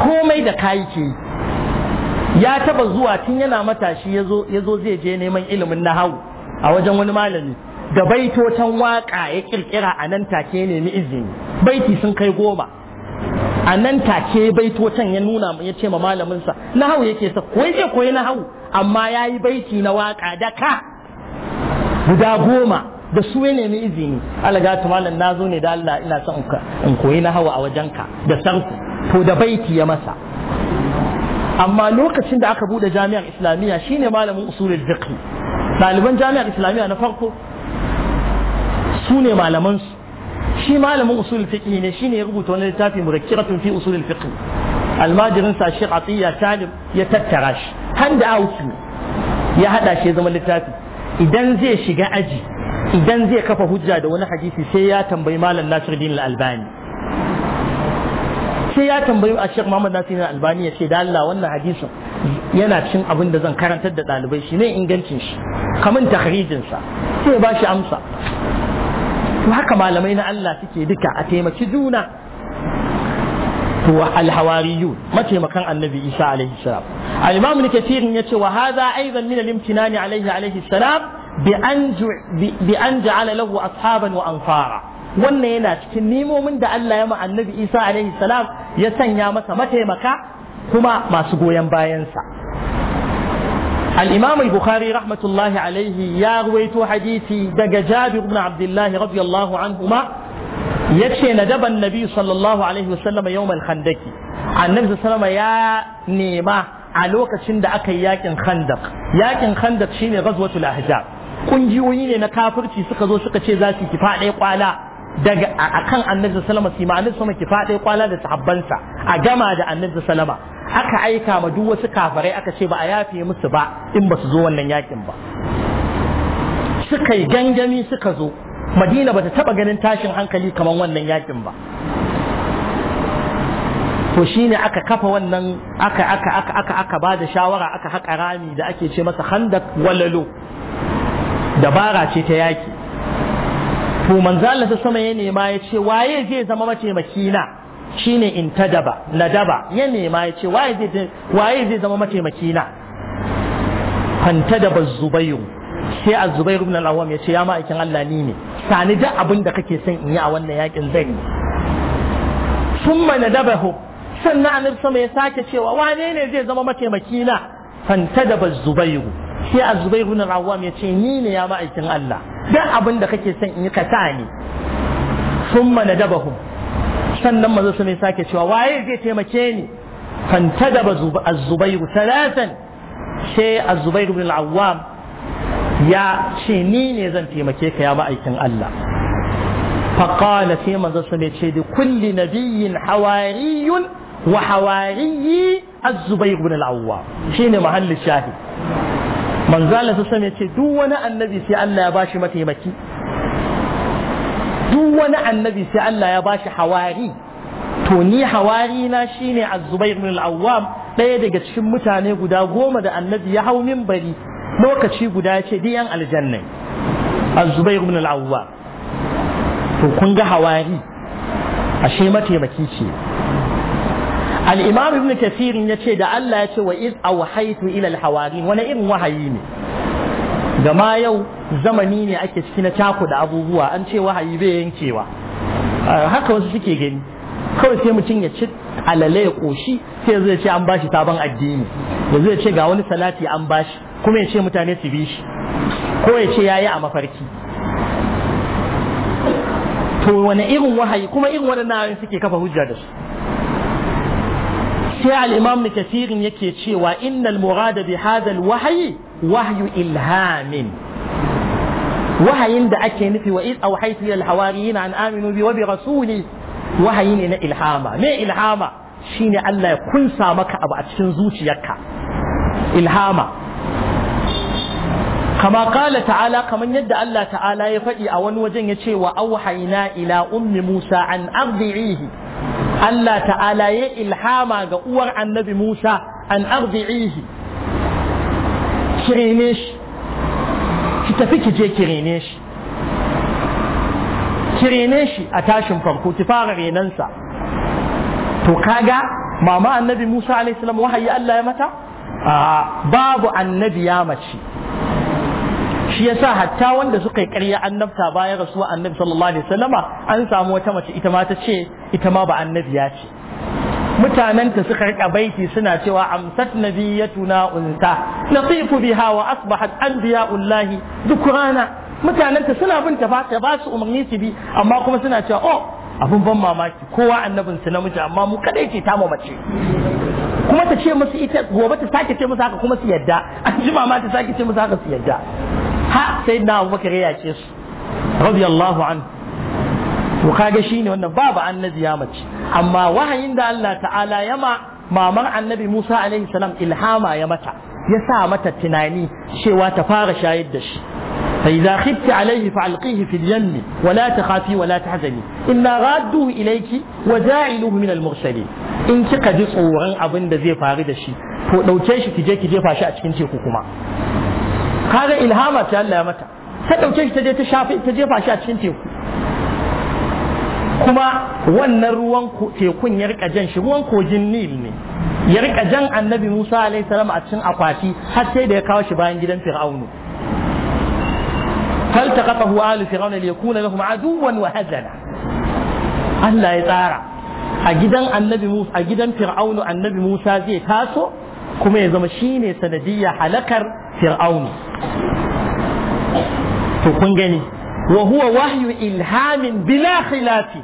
komai da kayake ya taba zuwa tun yana matashi ya zo zai je neman ilimin nahawu a wajen wani malami da baitotan waƙa ya ƙirƙira a nan take ne izini baiti sun kai goma a nan take baitotan ya nuna ya ce ma malaminsa na hau yake sa ko yake koyi na hau amma ya yi baiti na waƙa da ka guda goma da su ya nemi izini alaga ta malam na zo ne da Allah ina son in koyi na hau a wajenka da sarku to da baiti ya masa amma lokacin da aka bude jami'ar islamiyya shine malamin usulul fiqh ɗaliban jami'ar islamiyya na farko su ne malamansu shi malamin usul fiqh ne shine ya rubuta wani littafi murakkiratun fi usul fiqh almajirin sa shi Atiya Talib ya tattara shi hand out ya hada shi zama littafi idan zai shiga aji idan zai kafa hujja da wani hadisi sai ya tambayi malam Nasiruddin Al-Albani sai ya tambayi ashiq Muhammad Nasiruddin Al-Albani ya ce da Allah wannan hadisin yana cikin abin da zan karantar da ɗalibai shi ne ingancin shi kamun takhrijin sa sai ya ba shi amsa to haka malamai na Allah suke duka a taimaki juna to alhawariyu mataimakan annabi Isa alaihi salam al-imam ne kathir yace wa hadha aidan min al-imtinan alaihi alaihi salam bi an bi an ja'ala lahu ashaban wa anfara wannan yana cikin nimomin da Allah ya ma annabi Isa alaihi salam ya sanya masa mataimaka kuma masu goyon bayansa الإمام البخاري رحمة الله عليه يا رويت حديثي دق جابر بن عبد الله رضي الله عنهما يكشي ندب النبي صلى الله عليه وسلم يوم الخندق عن النبي صلى الله عليه وسلم يا نيمة a lokacin da aka yi yakin khandak yakin khandak shine ghazwatul ahzab kungiyoyi ne na kafirci suka zo suka ce za su kifa ɗaya kwala daga akan annabi sallama sai ma annabi sallama ki faɗe kwana da sahabbansa a gama da annabi sallama aka aika ma duk wasu kafarai aka ce ba a yafe musu ba in ba su zo wannan yakin ba suka yi gangami suka zo madina ba ta taba ganin tashin hankali kamar wannan yakin ba to shine aka kafa wannan aka aka aka aka aka ba da shawara aka haƙa rami da ake ce masa handak walalo dabara ce ta yaki to manzo Allah sama ya nema ya ce waye zai zama mataimaki na shine in tadaba nadaba ya nema ya ce waye zai waye zai zama mataimaki na fantadaba zubayyu sai az-zubayr ibn al-awwam ya ce ya ma'aikin Allah ni ne sani da abin da kake son in yi a wannan yakin zan yi summa nadabahu sannan annabi sama ya sake cewa wane ne zai zama mataimaki na fantadaba zubayr sai a zubai gunan awam ya ce ni ne ya ma'aikin Allah dan abin da kake son in yi ka sa ni sun mana dabahu sannan mazo su ne sake cewa waye zai taimake ni ta daba azubairu talatan sai azubairu bin awam ya ce ni ne zan taimake ka ya ma'aikin Allah sai فقال في مدرسة لكل نبي حواري وحواري الزبير بن العوام shine محل shahi manzala su same ce duk wani annabi sai Allah ya bashi mataimaki duk wani annabi sai Allah ya bashi hawari to ni hawari na shine az-zubair ibn al-awwam ɗaya daga cikin mutane guda goma da annabi ya hau minbari lokaci guda ya ce diyan aljanna az-zubair ibn al-awwam to kun ga hawari ashe mataimaki ce al-imam ibn kathir yace da Allah yace wa iz awhaytu ila al-hawarin wani irin wahayi ne gama yau zamani ne ake ciki na da abubuwa an ce wahayi bai yankewa ah, haka wasu suke gani kawai sai mutum ya ci alale ya koshi sai zai ce an bashi sabon addini da zai ce ga wani salati an bashi kuma ya ce mutane su bi shi ko ya ce yayi a mafarki to wani irin wahayi kuma irin waɗannan suke kafa hujja da su sai al-imam kafirin yake cewa innal murada bi hadha al-wahyi wahyu ilhamin wahayin da ake nufi wa iz a ila al-hawariyina an aminu bi wa bi rasuli wahayi ne na ilhama me ilhama shine Allah ya kunsa maka abu a cikin zuciyarka ilhama kama kala ta'ala kaman yadda Allah ta'ala ya faɗi a wani wajen ya ce wa auhaina ila ummi Musa an ardi'ihi Allah ta'ala ya ilhama ga uwar annabi Musa an ardi'ihi kirinish ki tafi ki je kirinish shi a tashin farko ki fara renansa to kaga mama annabi Musa alaihi salam wahayi Allah ya mata babu annabi ya mace shi yasa hatta wanda suka yi ƙarya annabta bayan rasuwa annabi sallallahu alaihi wasallama an samu wata mace ita ma ta ce ita ma ba annabiya ce Mutanen ta suka rika baiti suna cewa amsat nabiyatuna unta nasifu biha wa asbahat anbiya'ullahi dukrana mutanenta suna bin ta ta ba su umarni su bi amma kuma suna cewa oh abun ban mamaki kowa annabin su namiji amma mu kadai ce ta mace kuma ta ce musu ita gobe ta sake ce musu haka kuma su yadda an jima ma ta sake ce musu haka su yadda ha sai na abubakar ya yaƙe su radiyallahu an to kaga shine wannan babu annabi ya mace amma wahayin da Allah ta'ala ya ma mamar annabi Musa alaihi salam ilhama ya mata ya sa mata tunani cewa ta fara shayar da shi فإذا خفت عليه فألقيه في اليم ولا تخافي ولا تحزني إنا رادوه إليك وجاعلوه من المرسلين إن كقد صورا أبن ذي فارد ki فلو تشي jefa shi فاشا أتكين تيكو كما kaga ilhama ta Allah ya mata ta ɗauke shi ta je ta shafe ta jefa shi a cikin teku kuma wannan ruwan tekun ya rika jan shi ruwan kogin nil ne ya rika jan annabi musa alaihi salam a cikin akwati har sai da ya kawo shi bayan gidan fir'aunu فالتقطه آل فرعون ليكون لهم عدوا وهزلا Allah ya tsara a gidan annabi Musa a gidan Fir'aunu annabi Musa zai taso kuma ya zama shine sanadiyya halakar fir'aunu to kun gani wa huwa wahyu ilhamin bila khilafi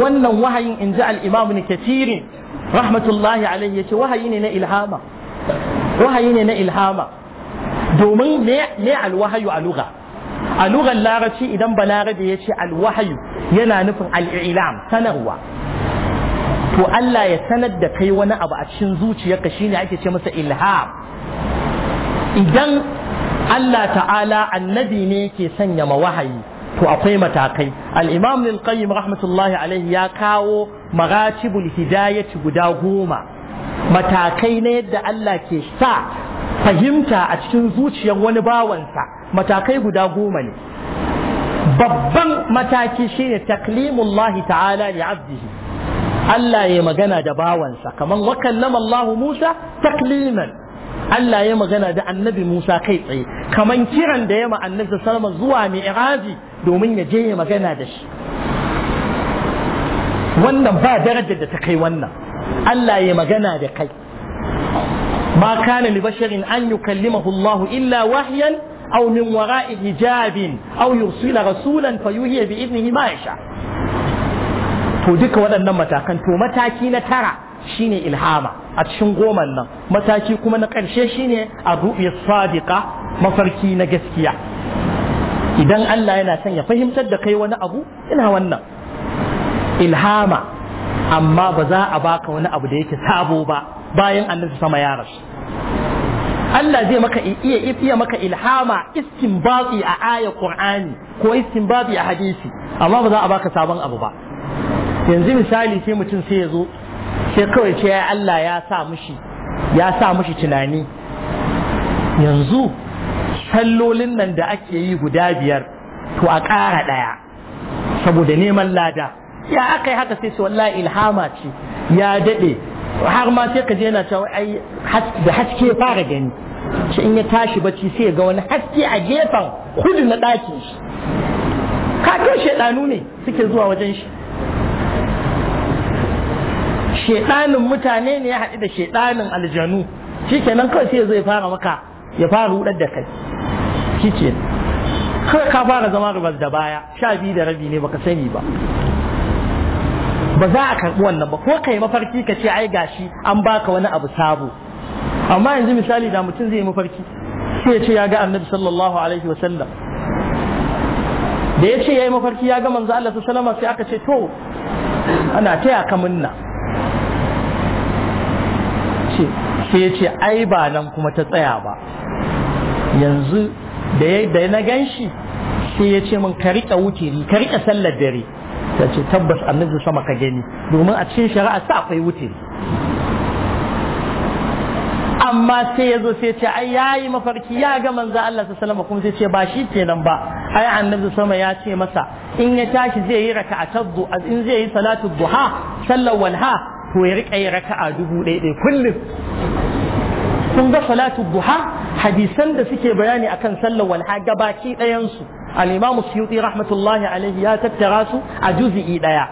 wannan wahayin in ji al-imam ibn kathir rahmatullahi alayhi yace wahayi ne na ilhama wahayi ne na ilhama domin me me al-wahyu a lugha a lugar larabci idan balarabe ya ce alwahayu yana nufin al'ilam sanarwa to Allah ya sanar da kai wani abu a cikin zuciyarka shine ake ce masa ilham idan Allah ta'ala annabi ne ke sanya mawahayi to akwai matakai al-imam lil qayyim rahmatullahi alayhi ya kawo maratibul hidayati guda goma matakai na yadda Allah ke sa fahimta a cikin zuciyar wani bawansa matakai guda goma ne babban mataki shine taklimullahi ta'ala li abdihi Allah ya magana da bawansa kaman wa kallama Allah Musa takliman Allah ya magana da annabi Musa kai tsaye kaman kiran da ya ma annabi Salma zuwa mi'raji domin ya je ya magana da shi wannan ba darajar da ta kai wannan Allah ya magana da kai ما basharin an أن kalli الله illa wahyan أو من وراء حجاب أو يرسل رسولا فيوهي بإذنه ما يشاء to duka waɗannan matakan to mataki na tara shine ilhama a cikin goman nan mataki kuma na ƙarshe shine a ruɓe sadiqa mafarki na gaskiya idan Allah yana son ya fahimtar da kai wani abu ina wannan ilhama amma ba za a baka wani abu da yake sabo ba bayan annabi sama ya rasu Allah zai maka iya iya maka ilhama istinbati a aya Qur'ani ko istinbati a hadisi amma ba za a baka sabon abu ba yanzu misali sai mutum sai ya zo sai kawai ce Allah ya sa mushi ya sa mushi tunani yanzu sallolin nan da ake yi guda biyar to a ƙara ɗaya saboda neman lada ya aka yi haka sai su wallahi ilhama ce ya daɗe har ma sai ka je yana cewa ai da haske fara gani shi in ya tashi bacci sai ga wani haske a gefen kudu na ɗakin shi kakin shaɗanu ne suke zuwa wajen shi shedanin mutane ne ya haɗu da shedanin aljanu nan kawai sai zai fara maka ya fara rudar da kai ce kawai ka fara zama rubar da baya sha biyu da rabi ne baka sani ba ba za a karɓi wannan ba ko kai mafarki ka ce ai gashi an baka wani abu sabo amma yanzu misali da mutum zai yi mafarki sai ya ce ya ga annabi sallallahu alaihi wa sallam da ya ce ya yi mafarki ya ga manzo Allah sallallahu alaihi sai aka ce to ana taya ka munna sai ya ce ai ba nan kuma ta tsaya ba yanzu da na gan shi sai ya ce min ka riƙa ni ka riƙa sallar dare ta ce tabbas annabi sama ka gani domin a cikin shari'a sa akwai wutiri amma sai ya zo sai ce ai yayi mafarki ya ga manzo Allah ta kuma sai ce ba shi kenan ba ai annabi sama ya ce masa in ya tashi zai yi raka'atar in zai yi salatu duha sallar walha to ya riƙa yi raka'a dubu ɗaya ɗaya kullum Sun ga salatu duha hadisan da suke bayani akan sallar walha gabaki ɗayansu al-imam suyuti rahmatullahi alaihi ya tattara su a juz'i ɗaya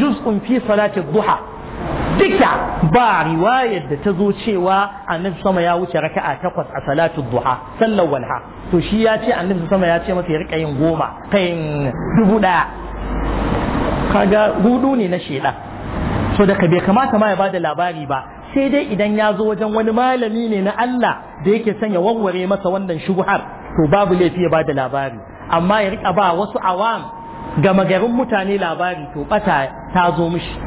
juz'un fi salati duha duka ba riwayar da ta zo cewa annabi sama ya wuce raka'a takwas a salatu duha sallar walha to shi ya ce annabi sama ya ce masa ya rika yin goma kayin dubu ɗaya kaga rudu ne na shedan so daga bai kamata ma ya bada labari ba sai dai idan ya zo wajen wani malami ne na Allah da yake son ya warware masa wannan shubuhar to babu laifi ya bada labari amma ya rika ba wasu awam gama garin mutane labari to bata ta zo mishi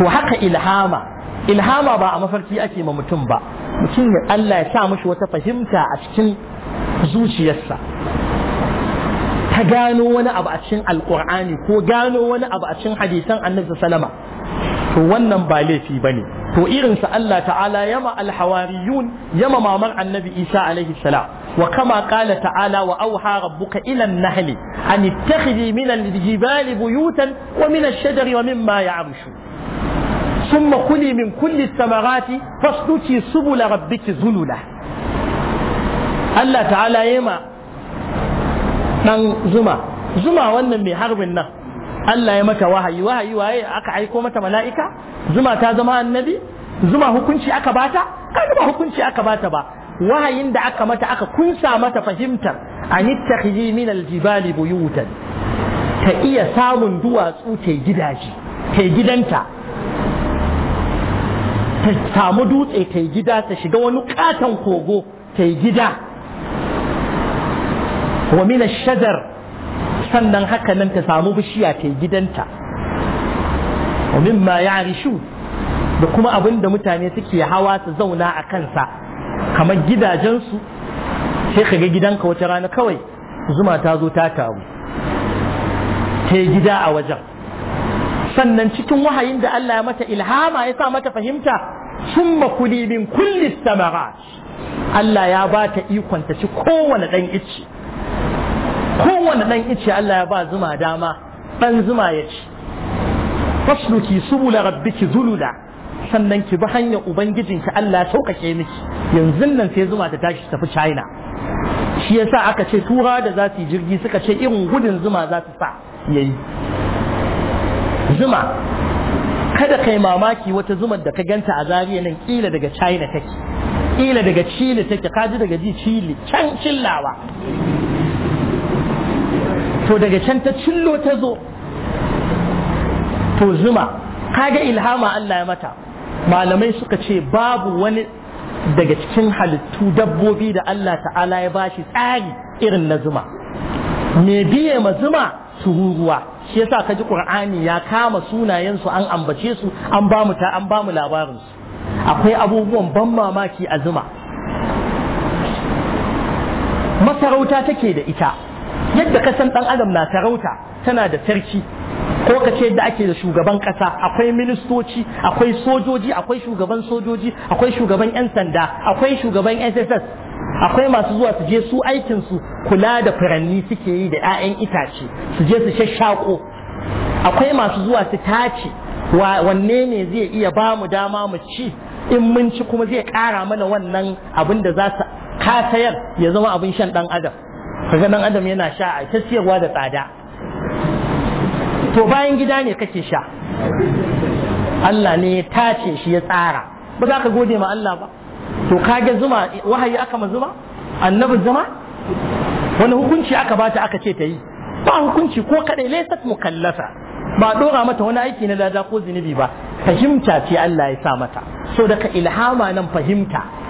to haka ilhama ilhama ba a mafarki ake ma mutum ba mutum Allah ya sa mishi wata fahimta a cikin zuciyarsa ta gano wani abu a cikin alkur'ani ko gano wani abu a cikin hadisan annabi sallama to wannan ba laifi ba ne. to irin sa Allah ta'ala yama alhawariyun yama mamar annabi Isa alaihi salam wa kama kala ta'ala wa auha rabbuka ila nahli nahl an ittakhidhi min al-jibali buyutan wa min ash-shajari wa mimma ya'rushu ثم كلي من كل الثمرات فاسلكي سبل ربك ذللا Allah ta'ala yema dan zuma zuma wannan mai harbin nan Allah ya mata wahayi wahayi waye aka aiko mata mala'ika zuma ta zama annabi zuma hukunci aka bata kaga ba hukunci aka bata ba wahayin da aka mata aka kunsa mata fahimtar an ittakhidhi min aljibali buyutan ta iya samun duwatsu ta gidaje ta gidanta ta samu dutse ta gida ta shiga wani katon kogo ta gida wa min ash-shajar sannan haka nan ta samu bishiya ta gidanta wa mimma ya'rishu da kuma abin da mutane suke hawa su zauna a kansa kamar gidajensu sai ka ga gidanka wata rana kawai zuma ta zo ta taru ta gida a wajen sannan cikin wahayin da Allah ya mata ilhama ya sa mata fahimta sun makuli min kulli samarat Allah ya ba ta ikon ta ci kowane ɗan ice kowane ɗan ice Allah ya ba zuma dama ɗan zuma ya ci fasluki subula rabbiki zulula sannan ki bi hanyar ubangijinki Allah ya saukake miki yanzu nan sai zuma ta tashi tafi China shi yasa aka ce tura da za su jirgi suka ce irin gudun zuma za su sa yayi zuma kada kai mamaki wata zumar da ka ganta a zariya nan kila daga China take kila daga Chile take kaji daga ji Chile can cillawa to daga can ta cillo ta zo to zuma kaga ilhama Allah ya mata malamai suka ce babu wani daga cikin halittu dabbobi da Allah ta'ala ya bashi tsari irin na zuma me biye ma zuma tururuwa shi yasa ka ji qur'ani ya kama sunayen su an ambace su an ba mu ta an ba mu labarin su akwai abubuwan ban mamaki a zuma masarauta take da ita yadda ka san dan adam na sarauta tana da sarki ko ka ce yadda ake da shugaban kasa akwai ministoci akwai sojoji akwai shugaban sojoji akwai shugaban yan sanda akwai shugaban sss akwai masu zuwa su je su aikin su kula da furanni suke yi da 'ya'yan itace su je su shashako akwai masu zuwa su tace wanne ne zai iya ba mu dama mu ci in mun ci kuma zai kara mana wannan abin da za su kasayar ya zama abin shan dan adam kaga dan adam yana sha a ta siyarwa da tsada to bayan gida ne kake sha Allah ne ya tace shi ya tsara ba za ka gode ma Allah ba to kage zuma wahayi aka ma zuma Annabi zuma wani hukunci aka bata aka ce ta yi ba hukunci ko kadai laysat mukallafa ba dora mata wani aiki na lada ko zinubi ba fahimta ce Allah ya sa mata so daga ilhama nan fahimta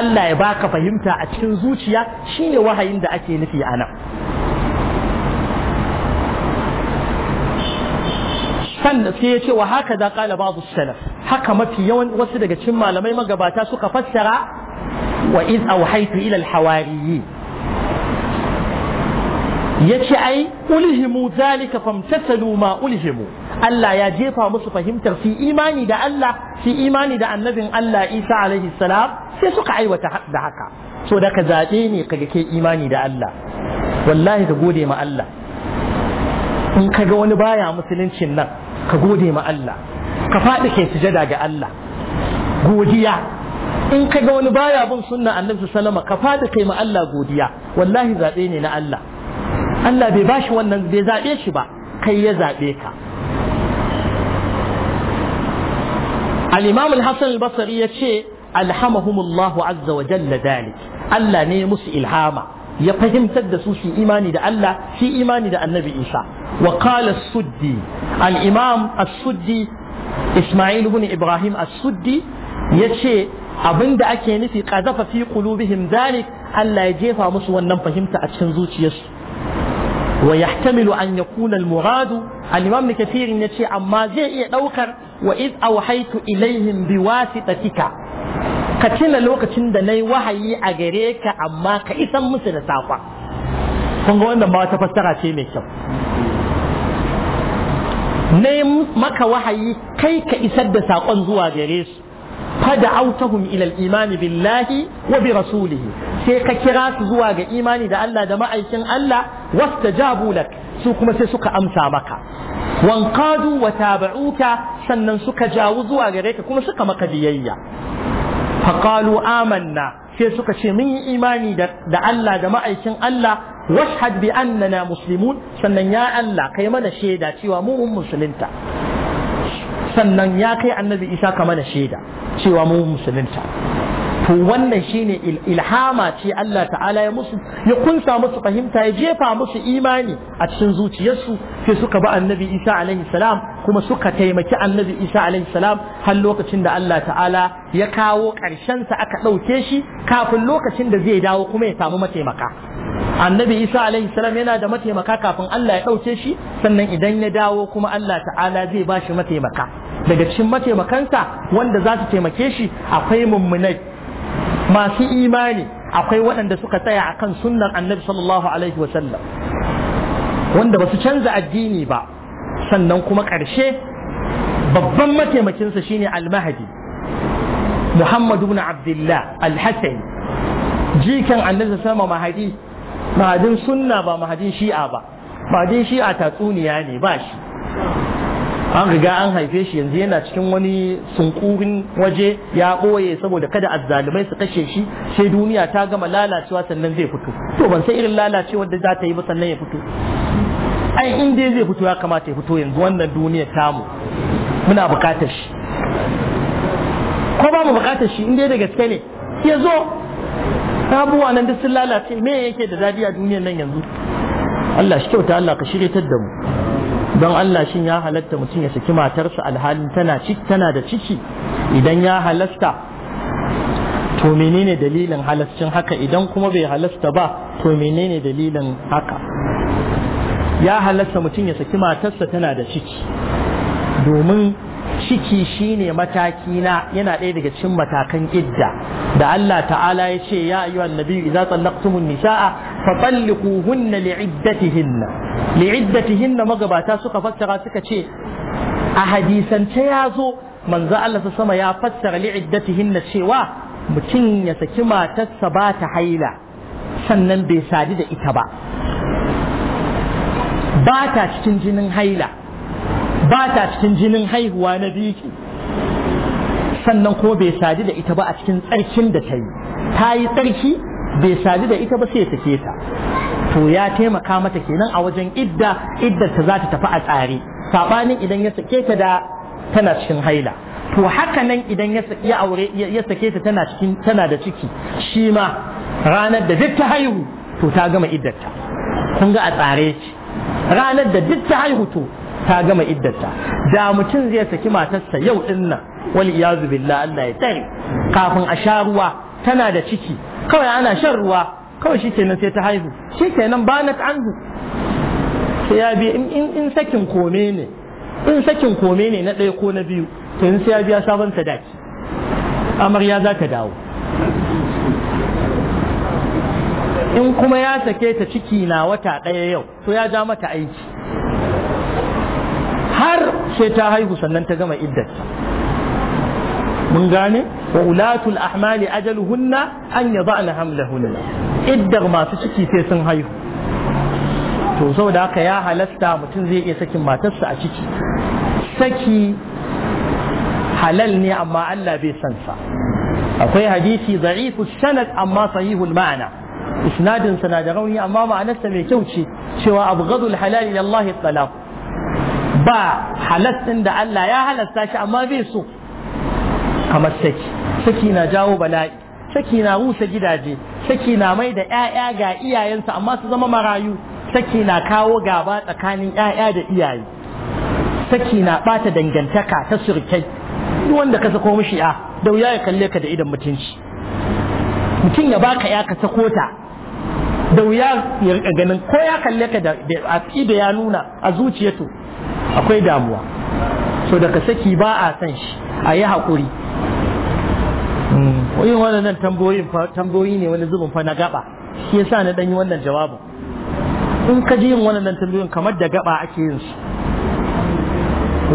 Allah ya baka fahimta a cikin zuciya shine wahayin da ake nufi a nan sannan sai ya ce wa haka za kala babu salaf haka mafi yawan wasu daga cikin malamai magabata suka fassara wa iz auhaitu ila al-hawariyin Ya yace ai ulhimu zalika famtasalu ma ulihimu. Allah ya jefa musu fahimtar fi imani da Allah fi imani da annabin Allah Isa alaihi salam sai suka aiwata da haka so da ka zaɓe ne kaga ke imani da Allah wallahi ka gode ma Allah in kaga wani baya musuluncin nan ka gode ma Allah ka faɗi ke sujada ga Allah godiya in kaga wani baya bin sunna annabi sallama ka faɗi kai ma Allah godiya wallahi zaɓe ne na Allah Allah bai bashi wannan bai zaɓe shi ba kai ya zaɓe ka al-imam al-hasan al-basri yace alhamahumullahu azza wa jalla dalik Allah ne musu ilhama ya fahimtar da su shi imani da Allah shi imani da annabi Isa wa qala as-suddi al-imam as-suddi Isma'il ibn Ibrahim as-suddi yace abinda ake nufi qazafa fi qulubihim dalik Allah ya jefa musu wannan fahimta a cikin zuciyarsu ويحتمل أن يكون المراد الإمام ابن yace amma zai iya ɗaukar Wa وإذ أوحيت إليهم بواسطتك ka tuna lokacin da na yi wahayi a gareka amma ka isan musu da safa kun ga wannan ba fassara ce mai kyau na maka wahayi kai ka isar da saƙon zuwa gare su fada autahum ilal imani billahi wa bi rasulihi sai ka kira su zuwa ga imani da Allah da ma'aikin Allah wastajabu lak su kuma sai suka amsa maka wanqadu wa taba'uka sannan suka jawo zuwa gare ka kuma suka maka biyayya faqalu amanna sai suka ce mun yi imani da Allah da ma'aikin Allah washhad bi annana muslimun sannan ya Allah kai mana shaida cewa mu musulunta sannan ya kai annabi Isa ka mana shaida cewa mu musulunta wannan shine ilhama ce Allah ta'ala ya musu ya kunsa musu fahimta ya jefa musu imani a cikin zuciyarsu sai suka bi annabi Isa alaihi salam kuma suka taimaki annabi Isa alaihi salam har lokacin da Allah ta'ala ya kawo ƙarshen sa aka ɗauke shi kafin lokacin da zai dawo kuma ya samu mataimaka annabi Isa alaihi salam yana da mataimaka kafin Allah ya ɗauke shi sannan idan ya dawo kuma Allah ta'ala zai ba shi mataimaka daga cikin mataimakansa wanda za su taimake shi akwai mummunai masu imani akwai waɗanda suka tsaya kan sunnan annabi sallallahu alaihi wasallam wanda ba su canza addini ba sannan kuma ƙarshe babban mataimakinsa shine almahadi muhammadu bin abdullah alhassan jikan annabi sama mahadi mahadin sunna ba mahadin shi'a ba mahadin shi'a tatsuniya ne ba shi an riga an haife shi yanzu yana cikin wani sunkurin waje ya ɓoye saboda kada azzalumai su kashe shi sai duniya ta gama lalacewa sannan zai fito to ban san irin lalacewar da za ta yi ba sannan ya fito ai in dai zai fito ya kamata ya fito yanzu wannan duniya tamu muna buƙatar shi ko ba mu buƙatar shi in dai da gaske ne ya zo abubuwa nan duk sun lalace me yake da dadiya a duniyar nan yanzu Allah shi kyauta Allah ka shirye da mu don Allah shin ya halatta mutum ya saki matarsa alhalin tana tana da ciki idan ya halasta to menene dalilin halascin haka idan kuma bai halasta ba to menene dalilin haka ya halasta mutum ya saki matarsa tana da ciki domin ciki shine mataki na yana ɗaya daga cikin matakan idda da Allah ta'ala ya ce ya ayyuhan nabiyyu idza tallaqtumun nisaa fatalliquhunna li'iddatihinna li'iddatihinna magabata suka fassara suka ce a hadisance ya zo manzo Allah ta sama ya fassara li'iddatihinna cewa mutum ya saki matarsa ba ta haila sannan bai sadi da ita ba ba ta cikin jinin haila ba ta cikin jinin haihuwa na biyu sannan ko bai sadu da ita ba a cikin tsarkin da ta yi ta yi tsarki bai sadu da ita ba sai ya sake ta to ya taimaka mata kenan a wajen idda idda ta za ta tafi a tsare sabanin idan ya sake ta da tana cikin haila to haka nan idan ya aure ya sake ta tana cikin tana da ciki shi ma ranar da duk ta haihu to ta gama iddarta kun ga a tsare ranar da duk ta haihu to ta gama iddata da mutum zai saki matarsa yau din nan wal iyazu billah Allah ya tsare kafin a sha ruwa tana da ciki kawai ana shan ruwa kawai shi kenan sai ta haihu Shi ba na anhu sai ya bi in sakin kome ne in sakin kome ne na ɗaya ko na biyu to in sai ya biya sabon sadaki amarya za ta dawo in kuma ya sake ta ciki na wata ɗaya yau to ya ja mata aiki har sai ta haihu sannan ta gama iddarta mun gane wa ulatul ahmali ajaluhunna an yada'na hamlahunna iddar masu ciki sai sun haihu to saboda haka ya halasta mutum zai iya sakin matarsa a ciki saki halal ne amma Allah bai san sa akwai hadisi da'ifu sanad amma sahihul ma'ana isnadin sa na da rauni amma ma'anarsa mai kyau ce cewa abghadul halal ila Allah talaq ba halas ɗin da Allah ya halasta shi amma bai so kamar saki saki na jawo bala'i saki na rusa gidaje saki na mai da 'ya'ya ga iyayensa amma su zama marayu saki na kawo gaba tsakanin 'ya'ya da iyaye saki na ɓata dangantaka ta surkai duk wanda ka sako mishi ya da wuya ya kalle ka da idan mutunci mutum ya baka ya ka sako ta da wuya ya ganin ko ya kalle ka da ido ya nuna a zuciyarsa akwai damuwa so daga saki ba a san shi a yi haƙuri yin hmm. waɗannan tambayoyi ne wani zubin fa na gaba shi sa na ɗan yi wannan jawabin in ka ji yin waɗannan tambayoyin kamar da gaba ake yin su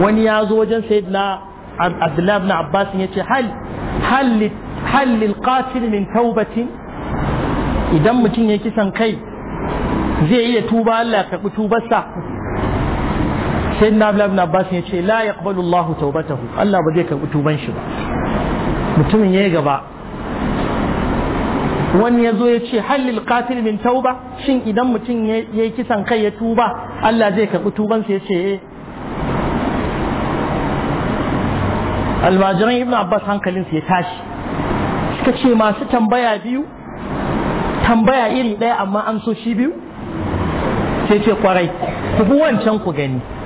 wani ya zo wajen sayyidina abdullahi na abbas ya ce hal hal qatil min taubatin idan mutum ya kisan kai zai iya tuba Allah ya karɓi tubarsa sai na ibn abbas ya ce la yaqbalu allah tawbatahu allah ba zai karbi tuban shi ba mutumin yayi gaba wani ya zo ya ce halil qatil min tauba shin idan mutum ya yi kisan kai ya tuba Allah zai karɓi tubansa ya ce eh almajiran ibn abbas hankalinsa ya tashi suka ce masu tambaya biyu tambaya iri ɗaya amma an so shi biyu sai ce kwarai ku bi wancan ku gani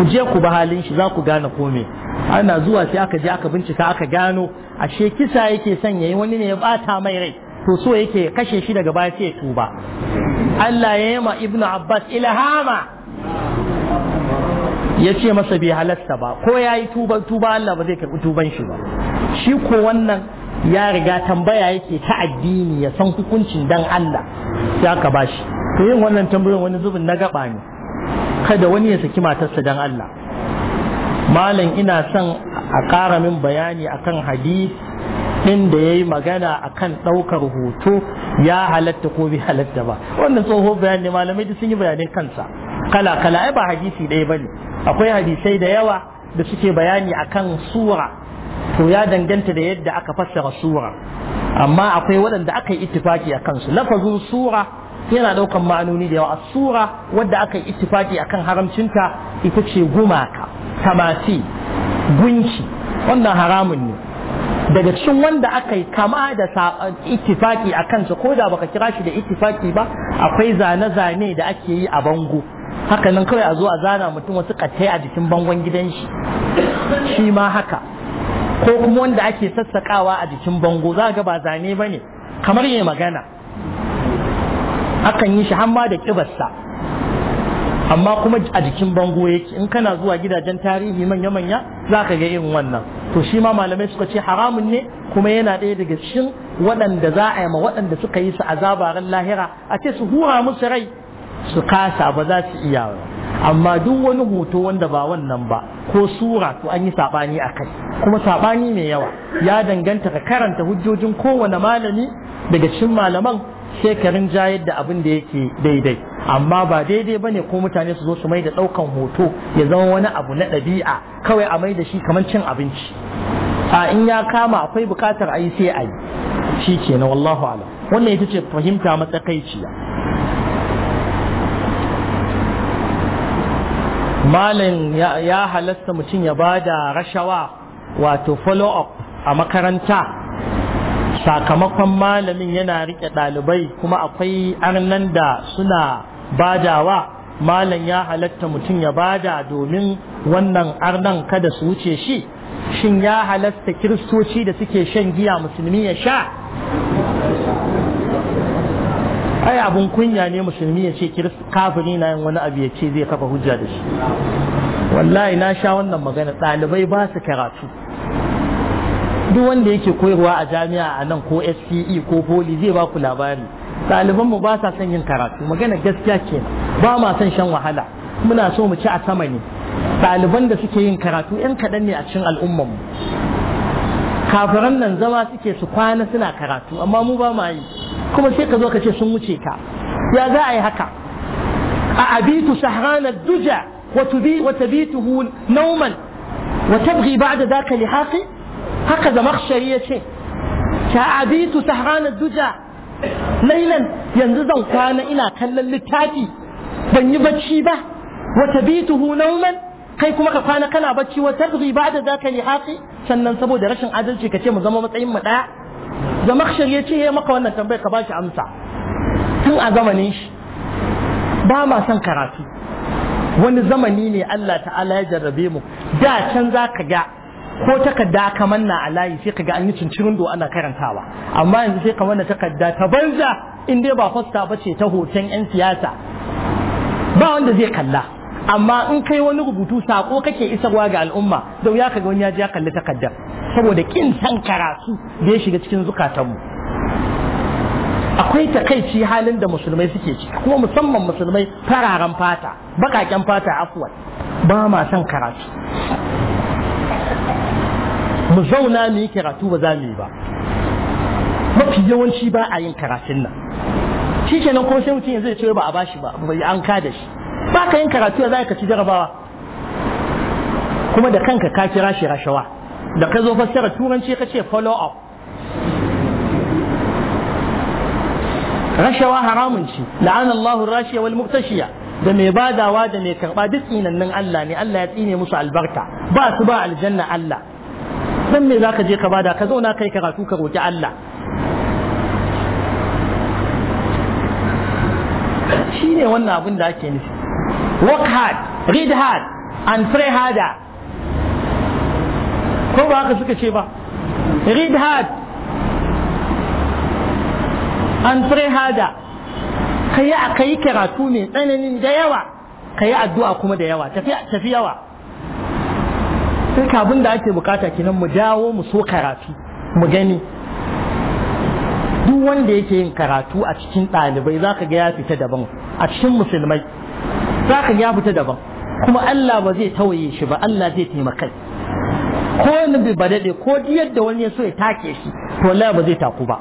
ku je ku ba halin shi za ku gane kome ana zuwa sai aka je aka bincika aka gano ashe kisa yake son yayi wani ne ya bata mai rai to so yake kashe shi daga baya sai ya tuba Allah ya yema Ibnu Abbas ilhama ya ce masa bai halasta ba ko ya yi tuba tuba Allah ba zai karɓi tuban shi ba shi ko wannan ya riga tambaya yake ta addini ya san hukuncin dan Allah ya ka bashi to yin wannan tambayoyin wani zubin na gaba ne kada wani ya saki matarsa don Allah malam ina son a ƙara min bayani akan hadis ɗin da ya yi magana akan ɗaukar hoto ya halatta ko bai halatta ba wannan tsoho bayani malamai duk sun yi bayanai kansa kala kala ai ba hadisi ɗaya bane akwai hadisai da yawa da suke bayani akan sura to ya danganta da yadda aka fassara sura amma akwai waɗanda aka yi ittifaki akan su lafazin sura yana daukan ma'anoni da yawa a sura wadda aka yi ittifaki akan haramcinta ita ce gumaka tamati gunci wannan haramun ne daga cikin wanda aka yi kama da ittifaki a kansa ko da baka kira shi da ittifaki ba akwai zane-zane da ake yi a bango haka nan kawai a zo a zana mutum wasu kattai a jikin bangon gidan shi shi ma haka ko kuma wanda ake sassakawa a jikin bango za ga ba zane ba ne kamar yi magana akan yi shi hamma da kibarsa amma kuma a jikin bango yake in kana zuwa gidajen tarihi manya-manya za ka ga irin wannan to shi ma malamai suka ce haramun ne kuma yana ɗaya daga cikin waɗanda za a yi ma waɗanda suka yi su ran lahira a ce su hura musu rai su kasa ba za su iya amma duk wani hoto wanda ba wannan ba ko sura to an yi saɓani a kai kuma saɓani mai yawa ya danganta ka karanta hujjojin kowane malami daga cikin malaman Shekarun ka da abin da yake daidai amma ba daidai ba ne ko mutane su zo su mai da ɗaukan hoto ya zama wani abu na ɗabi'a kawai a mai da shi kamar cin abinci a in ya kama akwai bukatar a yi sai a shi ke na wallahu ala wannan ita ce fahimta matsakaiciya malam ya halasta mutum ya ba da rashawa wato follow up a makaranta sakamakon malamin yana rike ɗalibai kuma akwai arnan da suna badawa malam ya halatta mutum ya bada domin wannan arnan kada su wuce shi shin ya halatta kiristoci da suke shan giya musulmi ya sha ai abun kunya ne musulmi ya ce kafiri na yin wani abu ya ce zai kafa hujja da shi wallahi na sha wannan magana ɗalibai ba su karatu duk wanda yake koyarwa a jami'a a nan ko SCE ko poli zai ba ku labari ɗaliban mu ba sa son yin karatu magana gaskiya ke ba ma son shan wahala muna so mu ci a sama ne ɗaliban da suke yin karatu yan kaɗan ne a cikin al'ummar mu kafiran nan zama suke su kwana suna karatu amma mu ba ma yi kuma sai ka zo ka ce sun wuce ka ya za a yi haka a abitu sahrana duja wa tabitu nauman wa tabghi ba'da zaka lihaqi haka zamakshari ya ce sha'abitu sahranar duja lailan yanzu zan kwana ina kallon littafi ban yi bacci ba wata bituhu nauman kai kuma ka kwana kana bacci wata ba da za ka yi haƙi sannan saboda rashin adalci ka ce mu zama matsayin mu ɗaya zamakshar ya ce ya maka wannan tambayar ka ba shi amsa tun a zamanin shi ba ma son karatu wani zamani ne Allah ta'ala ya jarrabe mu da can za ka ga ko takarda kamar na a layi sai kaga ga an yi cincirin do ana karantawa amma yanzu sai ka manna takarda ta banza in dai ba fasta ba ce ta hoton 'yan siyasa ba wanda zai kalla amma in kai wani rubutu sako kake isarwa ga al'umma da wuya kaga wani ya ji ya kalli takaddar saboda kin san karatu da ya shiga cikin zukatanmu akwai takaici halin da musulmai suke ciki kuma musamman musulmai fararen fata bakaken fata afwan ba ma san karatu mu zauna mu yi karatu ba za mu yi ba mafi yawanci ba a yin karatun nan shi kenan ko sai mutum zai ce ba a bashi ba an ka da shi ba ka yin karatu ya za ka ci jarabawa kuma da kanka ka kira shi rashawa da ka zo fassara turanci ka ce follow up rashawa haramun ce la'anallahu Allahu rashiya wal muktashiya da mai badawa da mai karba duk tsinannin Allah ne Allah ya tsine musu albarka ba su ba aljanna Allah dan me zaka je ka bada ka zauna kai karatu ka roki Allah shine wannan abin da ake nufi work hard read hard and pray harder ko ba haka suka ce ba read hard and pray harder ka yi aka yi karatu mai tsananin da yawa ka yi addu'a kuma da yawa tafi yawa sai kabin da ake bukata kinan mu dawo mu so karatu mu gani duk wanda yake yin karatu a cikin ɗalibai za ka ga ya fita daban a cikin musulmai za ka ga ya fita daban kuma Allah ba zai tawaye shi ba Allah zai taimakai ko wani ba daɗe ko yadda wani ya so ya take shi to Allah ba zai taku ba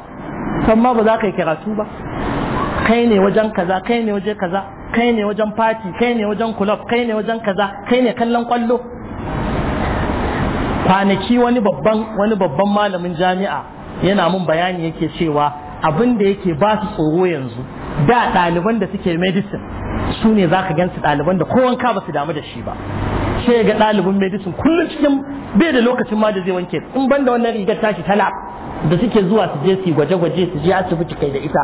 kamma ba za ka yi karatu ba kai ne wajen kaza kai ne waje kaza kai ne wajen fati kai ne wajen kulob kai ne wajen kaza kai ne kallon kwallo kwanaki wani babban malamin jami'a yana mun bayani yake cewa abin da yake ba su tsoro yanzu da ɗaliban da suke medicine su ne za ka gansu ɗaliban da kowan ka ba su damu da shi ba sai ga ɗalibin medicine kullum cikin bai da lokacin ma da zai wanke in banda da wannan rigar tashi talab da suke zuwa su je su gwaje-gwaje su je asibiti kai da ita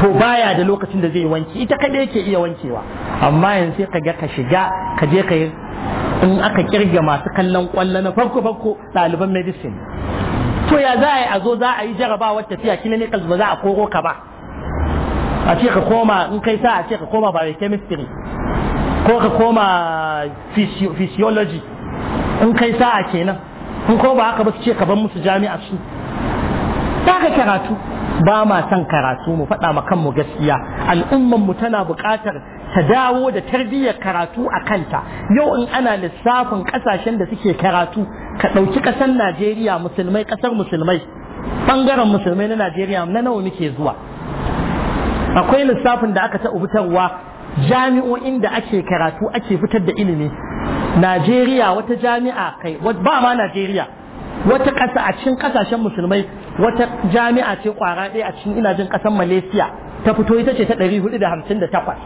to baya da lokacin da zai wanki ita kadai yake iya wankewa amma yanzu sai ka ga ka shiga ka je ka yi in aka kirga masu kallon kwallo na farko farko ɗaliban medicine to ya za a yi a zo za a yi jarabawar tafiya clinicals ba za a koro ka ba a ce ka koma in kai sa a ce ka koma biochemistry ko ka koma physiology in kai sa'a kenan in ko ba haka ba su ce ka bar musu jami'a su ka karatu ba ma son karatu mu faɗa ma kanmu gaskiya al'umman mu tana buƙatar ta dawo da tarbiyyar karatu a kanta yau in ana lissafin ƙasashen da suke karatu ka ɗauki ƙasar Najeriya musulmai ƙasar musulmai ɓangaren musulmai na Najeriya na nawa muke zuwa akwai lissafin da aka taɓa fitarwa jami'o'in da ake karatu ake fitar da ilimi Najeriya wata jami'a kai ba ma Najeriya wata ƙasa a cikin ƙasashen musulmai wata jami'a ce ƙwara ɗaya a cikin ina jin ƙasar malaysia ta fito ita ce ta 458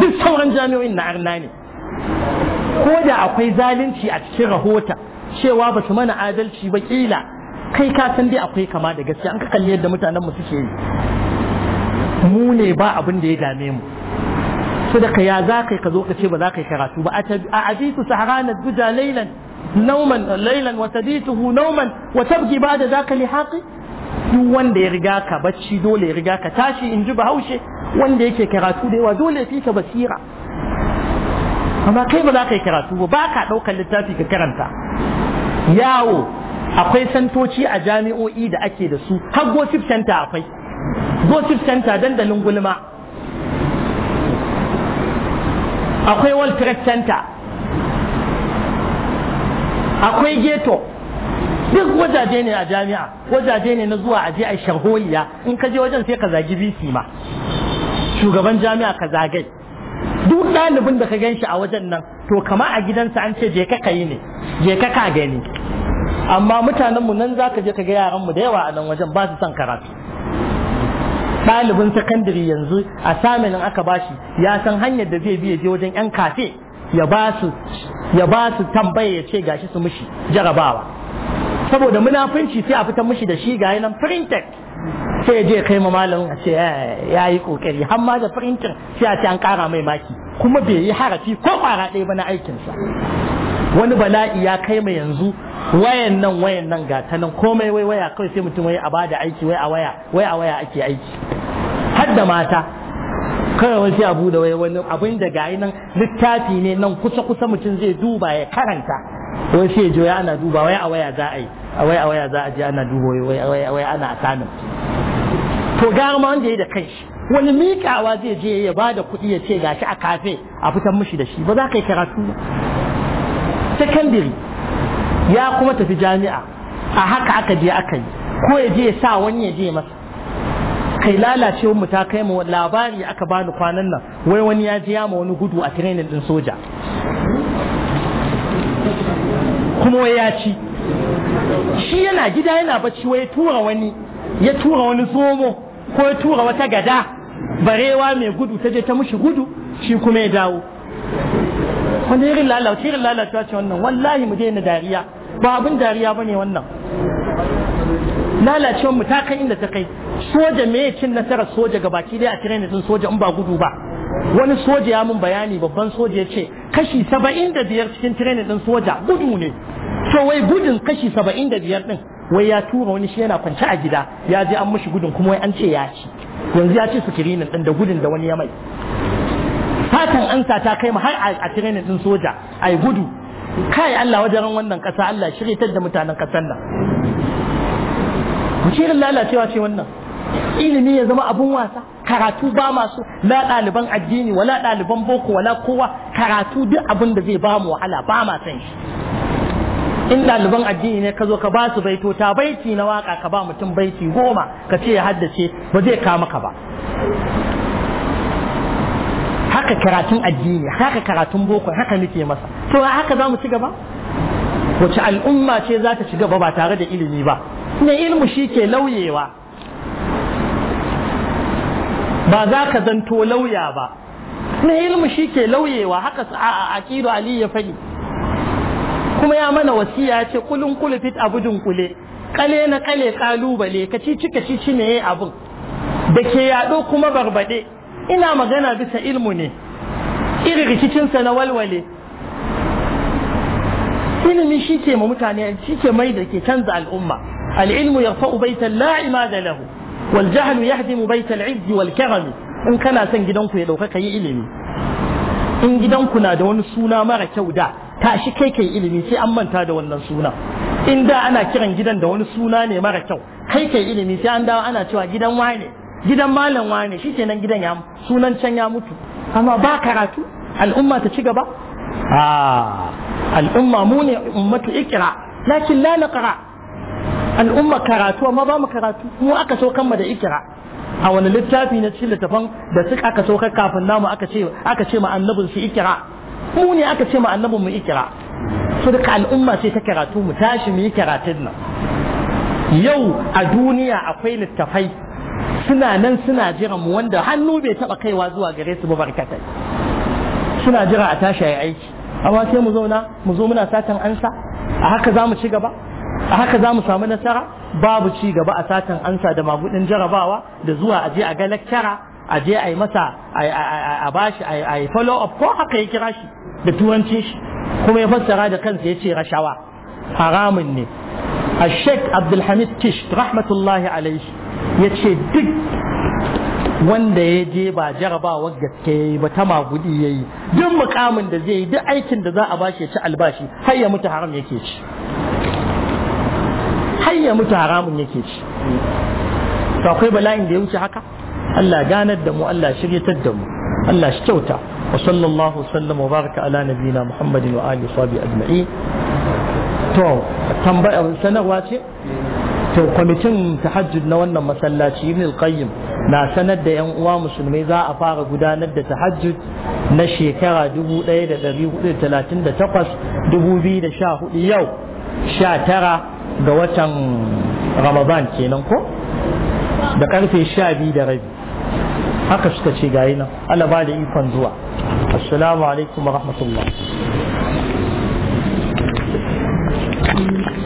duk sauran jami'o'in na arna ne ko da akwai zalunci a cikin rahota cewa ba su mana adalci ba kila kai ka san dai akwai kama da gaskiya an ka kalli yadda mutanen mu suke yi mu ne ba abin da ya dame mu ka ya za ka zo ka ce ba za ka yi karatu ba a abitu saharana guda lailan نوما ليلا وتبيته نوما وتبكي بعد ذاك لحاقي duk wanda ya riga ka bacci dole ya riga ka tashi in ji bahaushe wanda yake karatu da yawa dole fi ka basira amma kai ba za ka yi karatu ba ba ka ɗaukar littafi ka karanta yawo akwai santoci a jami'o'i da ake da su har gossip center akwai gossip center dandalin gulma akwai world trade center akwai ghetto duk wajaje ne a jami'a wajaje ne na zuwa a je a sharholiya in ka je wajen sai ka zagi bc ma shugaban jami'a ka zagai duk ɗalibin da ka gan shi a wajen nan to kama a gidansa an ce je ka yi ne je ka ka gani amma mutanen mu nan zaka je ka ga yaran mu da yawa a nan wajen ba su son karatu ɗalibin sakandare yanzu a saminin aka bashi ya san hanyar da zai ya je wajen yan kafe ya ba su ya ba su tambaya ya ce gashi su mishi jarabawa saboda munafunci sai a fitar mishi da shi ga nan printed sai ya je kai ma malamin a ce eh, ya yi kokari har ma da printer sai a ce an kara mai maki kuma bai yi harafi ko kwara ɗaya ba na aikin sa wani bala'i ya kai ma yanzu wayan nan wayan nan ga ta nan komai wai waya kawai sai mutum wai a bada aiki wai a waya wai a waya ake aiki har da mata kawai wani sai abu da wai wani abin da gayi nan littafi ne nan kusa kusa mutum zai duba ya karanta wai sai jo ya ana duba wai a waya za a yi a waya a waya za a je ana dubo wai wai ana sanin to gara ma wanda ya da kanshi wani miƙawa zai je ya ba da kuɗi ya ce gashi a kafe a fitan mishi da shi ba za ka yi karatu ba secondary ya kuma tafi jami'a a haka aka je aka yi ko ya je ya sa wani ya je masa kai lalacewar mu ta kai mu labari aka bani kwanan nan wai wani ya je ma wani gudu a training din soja kuma ya ci shi yana gida yana bacci wai tura wani ya tura wani zomo ko ya tura wata gada barewa mai gudu ta je ta mushi gudu shi kuma ya dawo wani irin lalace irin lalacewa ce wannan wallahi mu daina dariya ba abin dariya bane wannan lalacewar mu ta kai inda ta kai soja me cin nasarar soja ga baki dai a tirani din soja in ba gudu ba wani soja ya mun bayani babban soja ya ce kashi saba'in da biyar cikin din soja gudu ne So wai gudun kashi saba'in da biyar din wai ya tura wani shi yana kwance a gida ya je an mishi gudun kuma wai an ce ya ci yanzu ya ci kirinin din da gudun da wani ya mai fatan ansa ta kai mu har a tirani din soja ai gudu kai Allah wajen wannan kasa Allah shirye da mutanen kasar nan wace lalacewa ce wannan ilimi ya zama abun wasa karatu ba masu la ɗaliban addini wala ɗaliban boko wala kowa karatu duk abin da zai ba mu wahala ba ma san shi in ɗaliban addini ne ka zo ka ba su baito ta baiti na waka ka ba mutum baiti goma ka ce ya haddace ba zai kama ka ba haka karatun addini haka karatun boko haka nake masa to haka za mu ci gaba wace al'umma ce za ta ci gaba ba tare da ilimi ba ne ilmu shi ke lauyewa ba za ka zanto lauya ba ne ilmu shi ke lauyewa haka a aƙiru ali ya faɗi kuma ya mana wasiya ce kulun fit abu dunkule kale na kale kalubale ka ci cika ci ci ne da ke yaɗo kuma barbade ina magana bisa ilmu ne irin rikicinsa na walwale ilimi shi ke ma mutane shi ke mai da ke canza al'umma العلم يرفع بيتا لا عماد له والجهل يهدم بيت العز والكرم in kana son gidanku ya ɗaukaka yi ilimi in gidanku na da wani suna mara kyau da tashi kai kai ilimi sai an manta da wannan suna in da ana kiran gidan da wani suna ne mara kyau kai kai ilimi sai an dawo ana cewa gidan wane gidan malam wane shikenan gidan ya sunan can ya mutu amma ba karatu al'umma ta ci gaba a al'umma mu ne ummatu ikra lakin la naqra al'umma karatu amma ba mu karatu mu aka so kanmu da ikira a wani littafi na cikin littafan da suka aka so kafin namu aka ce aka ce ma annabin su ikira mu ne aka ce ma annabin mu ikira so duka al'umma sai ta karatu mu tashi mu yi karatun nan yau a duniya akwai littafai suna nan suna jira mu wanda hannu bai taba kaiwa zuwa gare su ba barkatai suna jira a tashi ayi aiki amma sai mu zauna mu zo muna satan ansa a haka za mu ci gaba a haka za mu samu nasara babu ci gaba a satan ansa da mabudin jarabawa da zuwa a je a ga lakcara a je a yi masa a bashi a yi follow up ko haka ya kira shi da turanci shi kuma ya fassara da kansa ya ce rashawa haramun ne a sheik abdulhamid kish rahmatullahi alaihi ya ce duk wanda ya je ba jarabawar gaske ya ba ta magudi ya duk mukamin da zai yi duk aikin da za a bashi ya ci albashi har ya mutu haram yake ci har ya mutu haramun yake ci to akwai bala'in da ya wuce haka Allah ganar da mu Allah shiryatar da mu Allah shi kyauta wa sallallahu sallam wa baraka ala nabiyina Muhammadin wa alihi wa ajma'in to tambaya sanarwa ce to kwamitin tahajjud na wannan masallaci ibn al-qayyim na sanar da yan uwa musulmai za a fara gudanar da tahajjud na shekara 1438 2014 yau 19 ga watan ramadan kenan ko da karfe sha biyu da rabi haka suka ce gayi nan ala ba da ikon zuwa assalamu alaikum wa rahmatullah